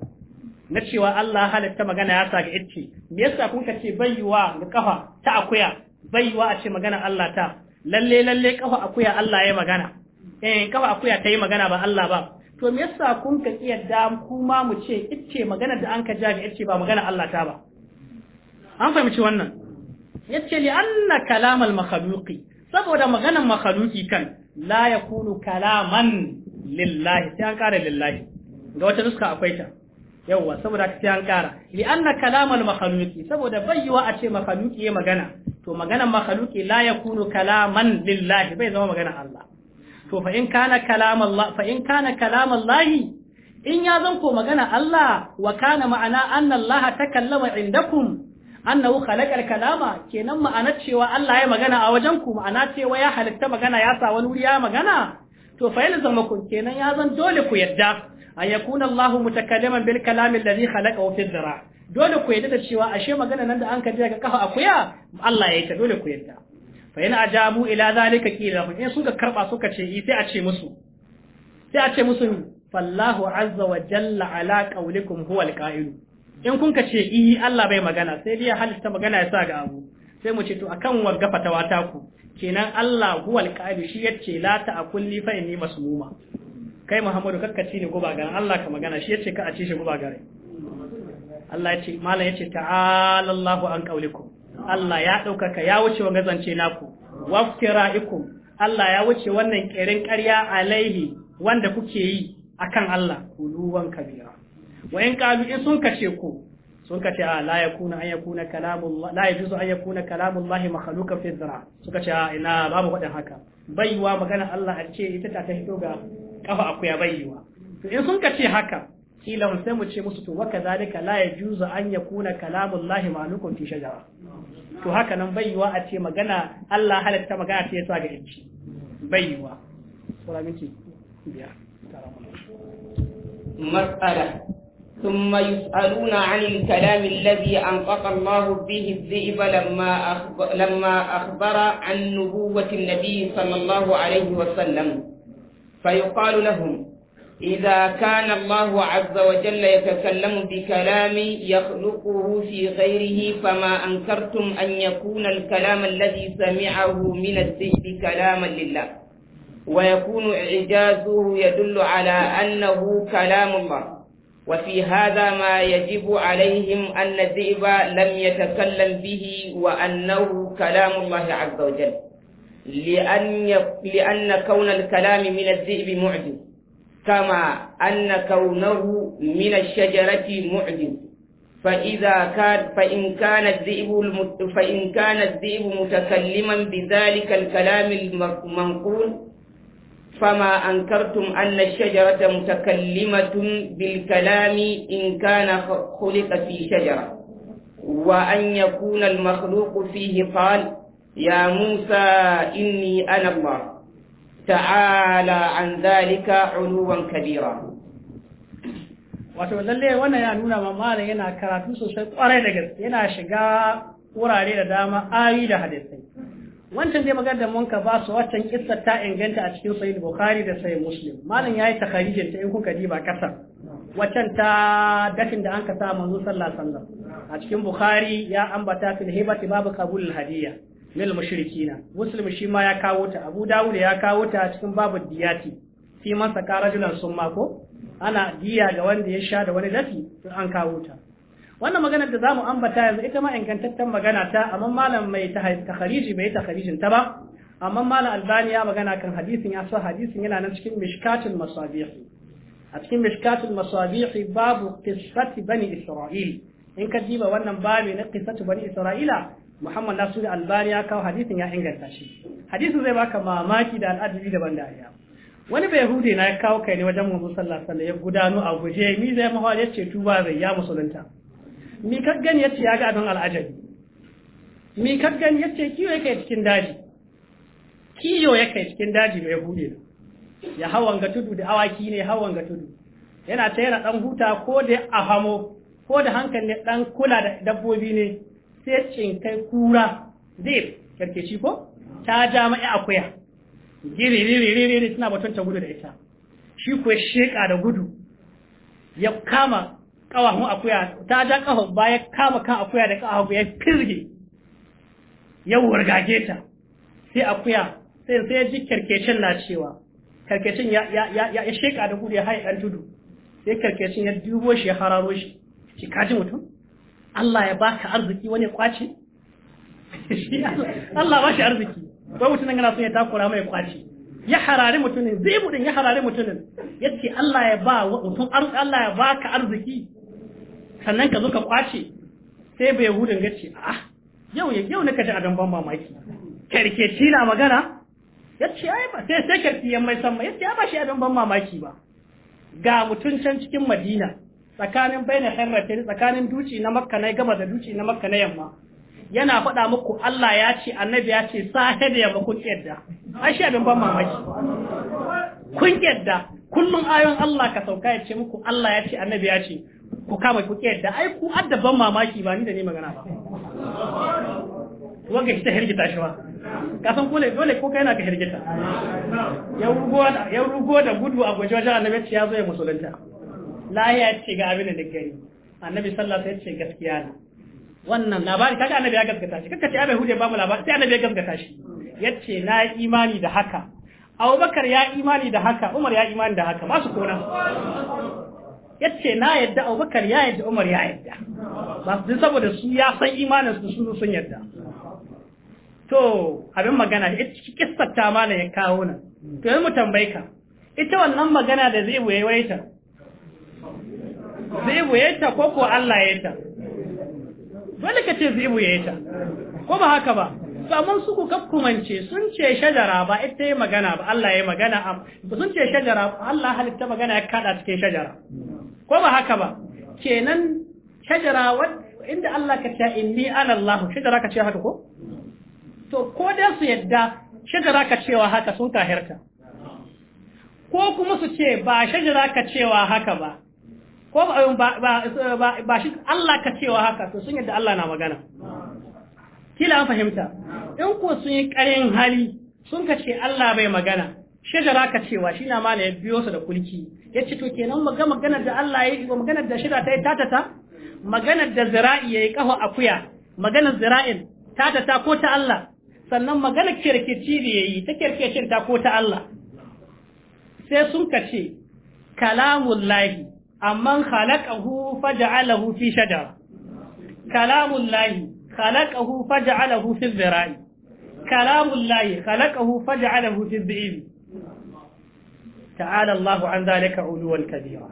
na cewa Allah Halitta magana ya ga ice me yasa kuka ka ce bayyuwa ga kafa ta akuya bayyuwa a ce magana Allah ta lalle lalle kafa akuya Allah ya magana eh kafa akuya ta yi magana ba Allah ba to me yasa kuka ka da kuma mu ce ice magana da an ka ja ga ice ba magana Allah ta ba an fahimci wannan yace li anna kalamal makhluqi saboda maganan makhluqi kan la yakunu kalaman lillahi sai an kara lillahi ga wata nuska akwai ta yawwa saboda ka sai an kara li anna kalamal makhluqi saboda bayyuwa a ce makhluqi ya magana to maganan makhluqi la yakunu kalaman lillahi bai zama maganan Allah to fa in kana kalamal fa in kana kalamal lahi in ya zan ko magana Allah wa kana ma'ana anna Allah takallama indakum annahu khalaqal kalama kenan ma'anar cewa Allah ya magana a wajen ku ma'ana cewa ya halitta magana ya sa wani wuri ya magana to fa zama kun kenan ya zan dole ku yadda an yakuna Allah mutakalliman bil kalam alladhi khalaqa fi dhara dole ku yadda cewa ashe magana nan da an ka je ga kafa akuya Allah ya yi ta dole ku yadda fa yana ajabu ila zalika qila in suka karba suka ce sai a ce musu sai a ce musu fallahu azza wa jalla ala qaulikum huwa alqa'il in kun ka ce yi Allah bai magana sai dai halitta magana ya sa ga abu sai mu ce to akan warga fatawa ta ku kenan Allah huwa alqa'il shi yace la ta akulli fa inni masmuma kai Muhammadu ci ne guba garin Allah ka magana shi yace ka a ci shi guba garin Allah yace mala yace ta'ala Allahu an qaulikum Allah ya daukaka ya wuce wanga zance naku waftiraikum Allah ya wuce wannan kirin ƙarya alaihi wanda kuke yi akan Allah kuluwan kabira wa in qalu in sun kace ku sun kace a ah, la yakuna an yakuna kuna kalamullah la yajuzu an yakuna kuna kalamullahi makhluqa fi dhara suka ce ah, ina babu wadan haka baiwa magana Allah a ce ita ta fito ga kafa akuya bayyewa to in sun ka ce haka kila sai mu ce musu to waka zalika la yajuzu an yakuna kalamullahi ma'lukun fi shajara to haka nan bayyewa a ce magana Allah halitta magana ta yasa ga inci bayyewa sura miki biya mas'ala ثم يسألون عن الكلام الذي أنطق الله به الذئب لما أخبر, لما أخبر عن نبوة النبي صلى الله عليه وسلم فيقال لهم إذا كان الله عز وجل يتكلم بكلام يخلقه في غيره فما أنكرتم أن يكون الكلام الذي سمعه من الذهن كلاما لله ويكون إعجازه يدل على أنه كلام الله وفي هذا ما يجب عليهم أن الذئب لم يتكلم به وأنه كلام الله عز وجل لأن, لأن كون الكلام من الذئب معجز كما أن كونه من الشجرة معجز فإذا كان فإن كان الذئب فإن كان الذئب متكلما بذلك الكلام المنقول فما أنكرتم أن الشجرة متكلمة بالكلام إن كان خلق في شجرة وأن يكون المخلوق فيه قال يا موسى إني أنا الله تعالى عن ذلك علوا كبيرا wato lalle wannan ya nuna ma malam yana karatu sosai kwarai da gaske yana shiga wurare da dama ayi da hadisi wancan dai magana da mun ka ba su watan kissa ta inganta a cikin sahih bukhari da sahih muslim malam yayi takharijin ta in kuka diba kasa wancan ta dakin da an ka sa manzo sallallahu alaihi wasallam a cikin bukhari ya ambata fil hibati babu qabul hadiyya lil mushrikina muslim shi ma ya kawo ta abu dawud ya kawo ta cikin babu diyati fi man saka rajulan summa ko ana diya ga wanda ya sha da wani lafi to an kawo ta wannan maganar da zamu ambata yanzu ita ma ingantaccen magana ta amma malam mai takhariji bai takharijin ta ba amma malam albani ya magana kan hadisin ya so hadisin yana nan cikin mishkatul masabih a cikin mishkatul masabih babu qissati bani isra'il in ka diba wannan babu na qissatu bani isra'ila Muhammad Nasiru Albani ya kawo hadisin ya inganta shi hadisin zai baka mamaki da al'adabi daban da dariya wani bai hude na ya kawo kai ne wajen manzo sallallahu alaihi ya gudanu a guje mi zai mahawa ya ce tuba zai ya musulunta mi ka gani ya ce ya ga don al'ajabi mi ka gani ya ce kiyo yake cikin daji kiyo yake cikin daji mai hude ya hawan ga tudu da awaki ne hawan ga tudu yana ta yana dan huta ko da ahamo ko da hankali ɗan dan kula da dabbobi ne sai kai kura zai karke shi ko ta ja mai akuya riri suna batun ta gudu da ita shi kuwa sheka da gudu ya kama kawahun akuya ta ja kafan baya kama kan akuya da kawo ya firge ya wargage ta sai akuya sai sai ya ji karkecin na cewa karkecin ya ya ya sheka da gudu ya haye dan tudu sai karkecin ya dubo shi ya hararo shi shi kaji mutum Allah ya baka arziki wani kwaci? Allah ba shi arziki wai mutumin gana sun ya takura mai kwaci. ya harari mutumin zai budin ya harare mutumin ce Allah ya ba mutum arziki Allah ya baka arziki sannan ka zo ka kwaci. sai bai hudun gace ah yau ya yau na ji adan ban mamaki karkeci na magana ce ai ba sai sai karki yan mai sama. mai yace ba shi abin ban mamaki ba ga mutum can cikin Madina tsakanin bai na kharratin tsakanin duci na makka na gama da duci na makka na yamma yana faɗa muku Allah ya ce annabi ya ce sahe da yamma kun yadda ashe abin ban mamaki kun yadda kullum ayon Allah ka sauka ya ce muku Allah ya ce annabi ya ce ku kama ku yadda ai ku adda ban mamaki ba ni da ni magana ba wanda shi ta hirgita shi ba kasan kole dole ko kai na ka hirgita ya rugo da gudu a gwaje wajen annabi ya zo ya musulunta lahiya ya ce ga abin da gari annabi sallallahu alaihi wasallam ya ce gaskiya ne wannan labari kaga annabi ya gaskata shi kaka ce abai hude babu labari sai annabi ya gaskata shi yace na imani da haka Abubakar ya imani da haka Umar ya imani da haka ba kona yace na yadda Abubakar ya yadda Umar ya yadda ba su saboda su ya san imanin su su sun yadda to abin magana ita kissa ta mana ya kawo nan to yanzu mu tambaye ka ita wannan magana da zai wayewaita zibu ya ta ko ko Allah ya ta dole ka ce zibu ya ta ko ba haka ba to amma su ku kafkumance sun ce shajara ba ita yi magana ba Allah ya magana sun ce shajara ba, Allah halitta magana ya kada cikin shajara ko ba haka ba kenan shajara inda Allah ka ce inni ana Allah shajara ka ce haka ko to ko da su yadda shajara ka cewa haka sun kahirta ko kuma su ce ba shajara ka cewa haka ba ko ba ba shi Allah ka cewa haka to sun yadda Allah na magana kila an fahimta in ko sun yi ƙarin hali sun ka ce Allah bai magana shajara ka cewa shi na mala ya biyo su da kulki ya ce to kenan maga maganar da Allah ya yi maganar da shida ta yi ta maganar da zira'i ya yi kafa akuya maganar zira'in ta ko ta Allah sannan maganar kirkici da ya yi ta kirkicin ta ko ta Allah sai sun ka ce kalamun lahi amman khalaqahu faj'alahu fi shajar kalamul lahi khalaqahu faj'alahu fi dhira'i kalamul lahi khalaqahu faj'alahu fi dhibi ta'ala Allahu an zalika uluwan kabira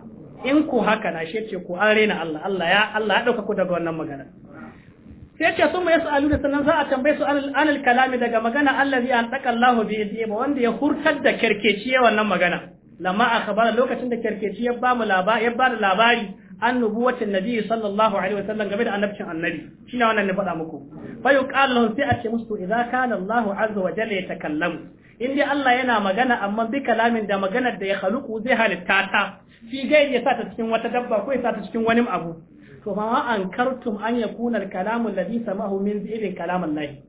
in ku haka na shi ce ku an rena Allah Allah ya Allah ya dauka ku daga wannan magana sai ce sun mai su'alu da sannan za a tambaye su anil kalami daga magana allazi an taka Allahu bi yadihi wanda ya hurtar da kirkeci wannan magana lamma bada lokacin da kerkeci ya ba mu labari ya ba da labari an nubuwatin nabi sallallahu alaihi wasallam game da annabcin annabi shine wannan ne faɗa muku fa yuqalu lahum sai a ce musu idza kana Allah azza wa jalla yatakallamu in dai Allah yana magana amma bi kalamin da maganar da ya khaluqu zai halitta ta fi gairi ya sa ta cikin wata dabba ko ya sa ta cikin wani abu to ma an kartum an yakuna al-kalamu alladhi samahu min irin kalamin lahi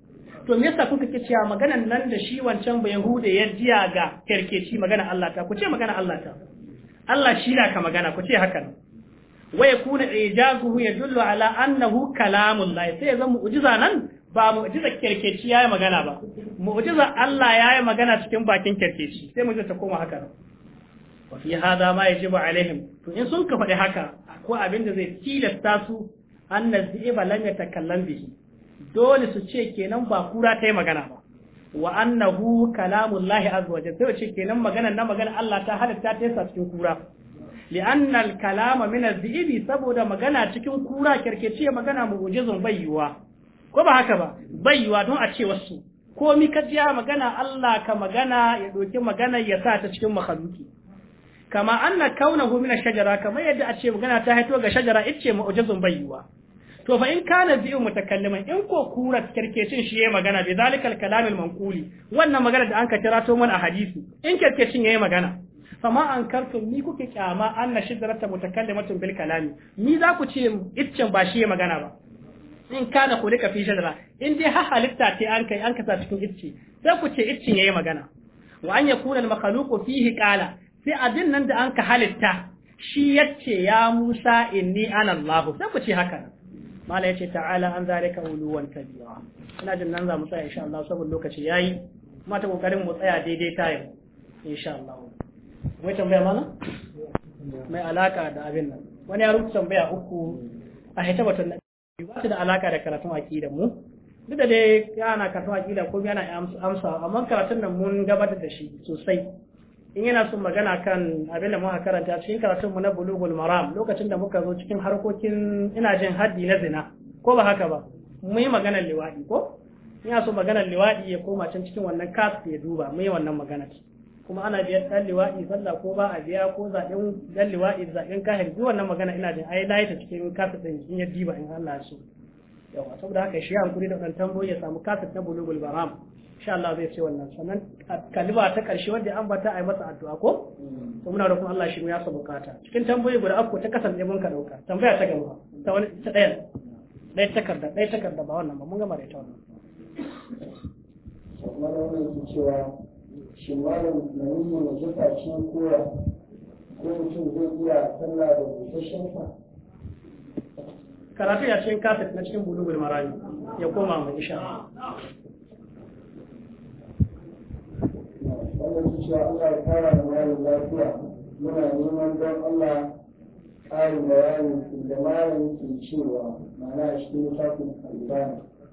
to me yasa kuka ce cewa maganan nan da shi wancan ba yahude ya jiya ga kerkeci magana Allah ta ku ce magana Allah ta Allah shi na ka magana ku ce hakan wa yakuna ijazuhu yadullu ala annahu kalamul sai zan mu'jiza nan ba mu'jiza kerkeci yayi magana ba mu'jiza Allah yayi magana cikin bakin kerkeci sai mu ta koma haka wa fi hada ma yajibu alaihim to in sun ka faɗi haka ko abin da zai tilasta su annabi ba lam yatakallam bihi dole su ce kenan ba kura ta yi magana ba wa annahu kalamullahi azza wajalla sai ce kenan magana na magana Allah ta halitta ta yasa cikin kura li'annal kalama min azibi saboda magana cikin kura kirkece magana mu'jizun bayyuwa ko ba haka ba bayyuwa don a ce wasu ko mi ka ji magana Allah ka magana ya doki magana ya sa ta cikin makhluki kama anna kaunahu min ash-shajara kamar yadda a ce magana ta haito ga shajara ice mu'jizun bayyuwa to fa in kana biyu mutakalliman in ko kura kirkecin shi yi magana bai zalikal kalamin mankuli wannan magana da an ka tirato mana a hadisi in kirkecin yayi magana fama an karto ni kuke kyama an na shidrata mutakallimatun bil kalami ni za ku ce iccen ba shi yayi magana ba in kana ka fi shadra in dai ha halitta ce an kai an kasa cikin icci sai ku ce iccen yayi magana wa an yakuna al makhluqu fihi qala sai abin nan da an ka halitta shi yace ya Musa inni ana Allah sai ku ce haka mala yace ta'ala an zalika uluwan kabira ina jin nan za mu tsaya insha Allah saboda lokaci yayi kuma ta kokarin mu tsaya daidai yau insha Allah mai tambaya mana mai alaka da abin nan wani ya rubuta tambaya uku a hita batun ba ta da alaka da karatun aqidar mu duk da dai na karatun aqida ko yana amsa amma karatun nan mun gabatar da shi sosai in yana son magana kan abin da muka karanta cikin karatun mu na bulugul maram lokacin da muka zo cikin harkokin ina jin haddi na zina ko ba haka ba mu yi maganar liwadi ko ina so maganar liwadi ya koma can cikin wannan kas ya duba mu yi wannan magana kuma ana biyan dan liwadi sallah ko ba a biya ko ɗan dan liwadi zaben kahir duk wannan magana ina jin ai layi cikin kas din in ya diba in Allah ya so yawa saboda haka shi hankuri da dan tambo ya samu kas na bulugul maram insha Allah zai ce wannan sannan kaliba ta karshe wanda an bata ai masa addu'a ko to muna roƙon Allah shi mu yasa bukata cikin tambayoyi guda akko ta kasance mun ka dauka tambaya ta gaba ta wani ta ɗaya ɗaya takarda ɗaya takarda ba wannan ba mun gama da ita wannan mana wannan ke cewa shi malam na yin na zuba ce koya ko mutum zai iya sallah da busasshen sa karatu ya cikin kafet na cikin bulu marayu ya koma mu insha Allah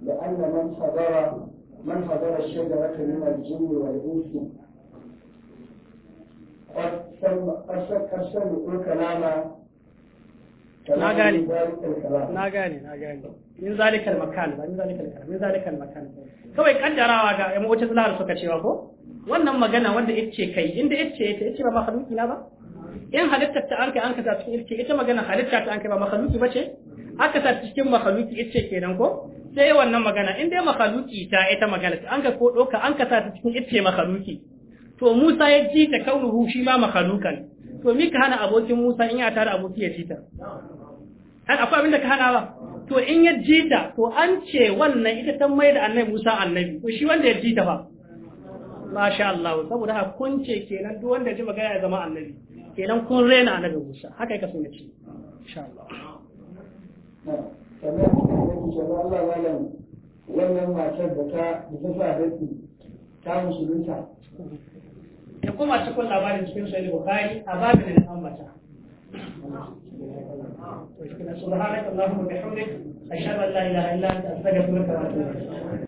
لأن من حضر من حضر الشجرة من الجن والإنس قد سمع أشكر سمع الكلام ما قالي ما قالي ما قالي من ذلك المكان من ذلك المكان من ذلك المكان كوي كان جرى واقع يا موجز لا رسوك شيء وابو wannan magana wanda ce kai inda ce ta ce ba makhluki na ba in halitta ta an kai an kasa cikin yace ita magana halitta ta an kai ba makhluki ce? aka sa cikin makhluki ce kenan ko sai wannan magana in dai makhluki ta ita magana an ka ko doka an kasa ta cikin yace makhluki to Musa ya ji ta kaunuhu shi ma makhlukan to mi ka hana abokin Musa in ya tare aboki ya ji ta an akwai abin da ka hana ba to in ya ji ta to an ce wannan ita ta mai da annabi Musa annabi to shi wanda ya ji ta ba masha Allah saboda haka kun ce kenan duk wanda ji magana ya zama annabi kenan kun rena annabi Musa haka ya kasance ce insha Allah sannan insha Allah wannan wannan matar da ta da ta sa ta musulunta ya kuma cikin labarin cikin sahih bukhari a babin da ambata سبحانك اللهم وبحمدك أشهد أن لا إله إلا أنت أستغفرك وأتوب إليك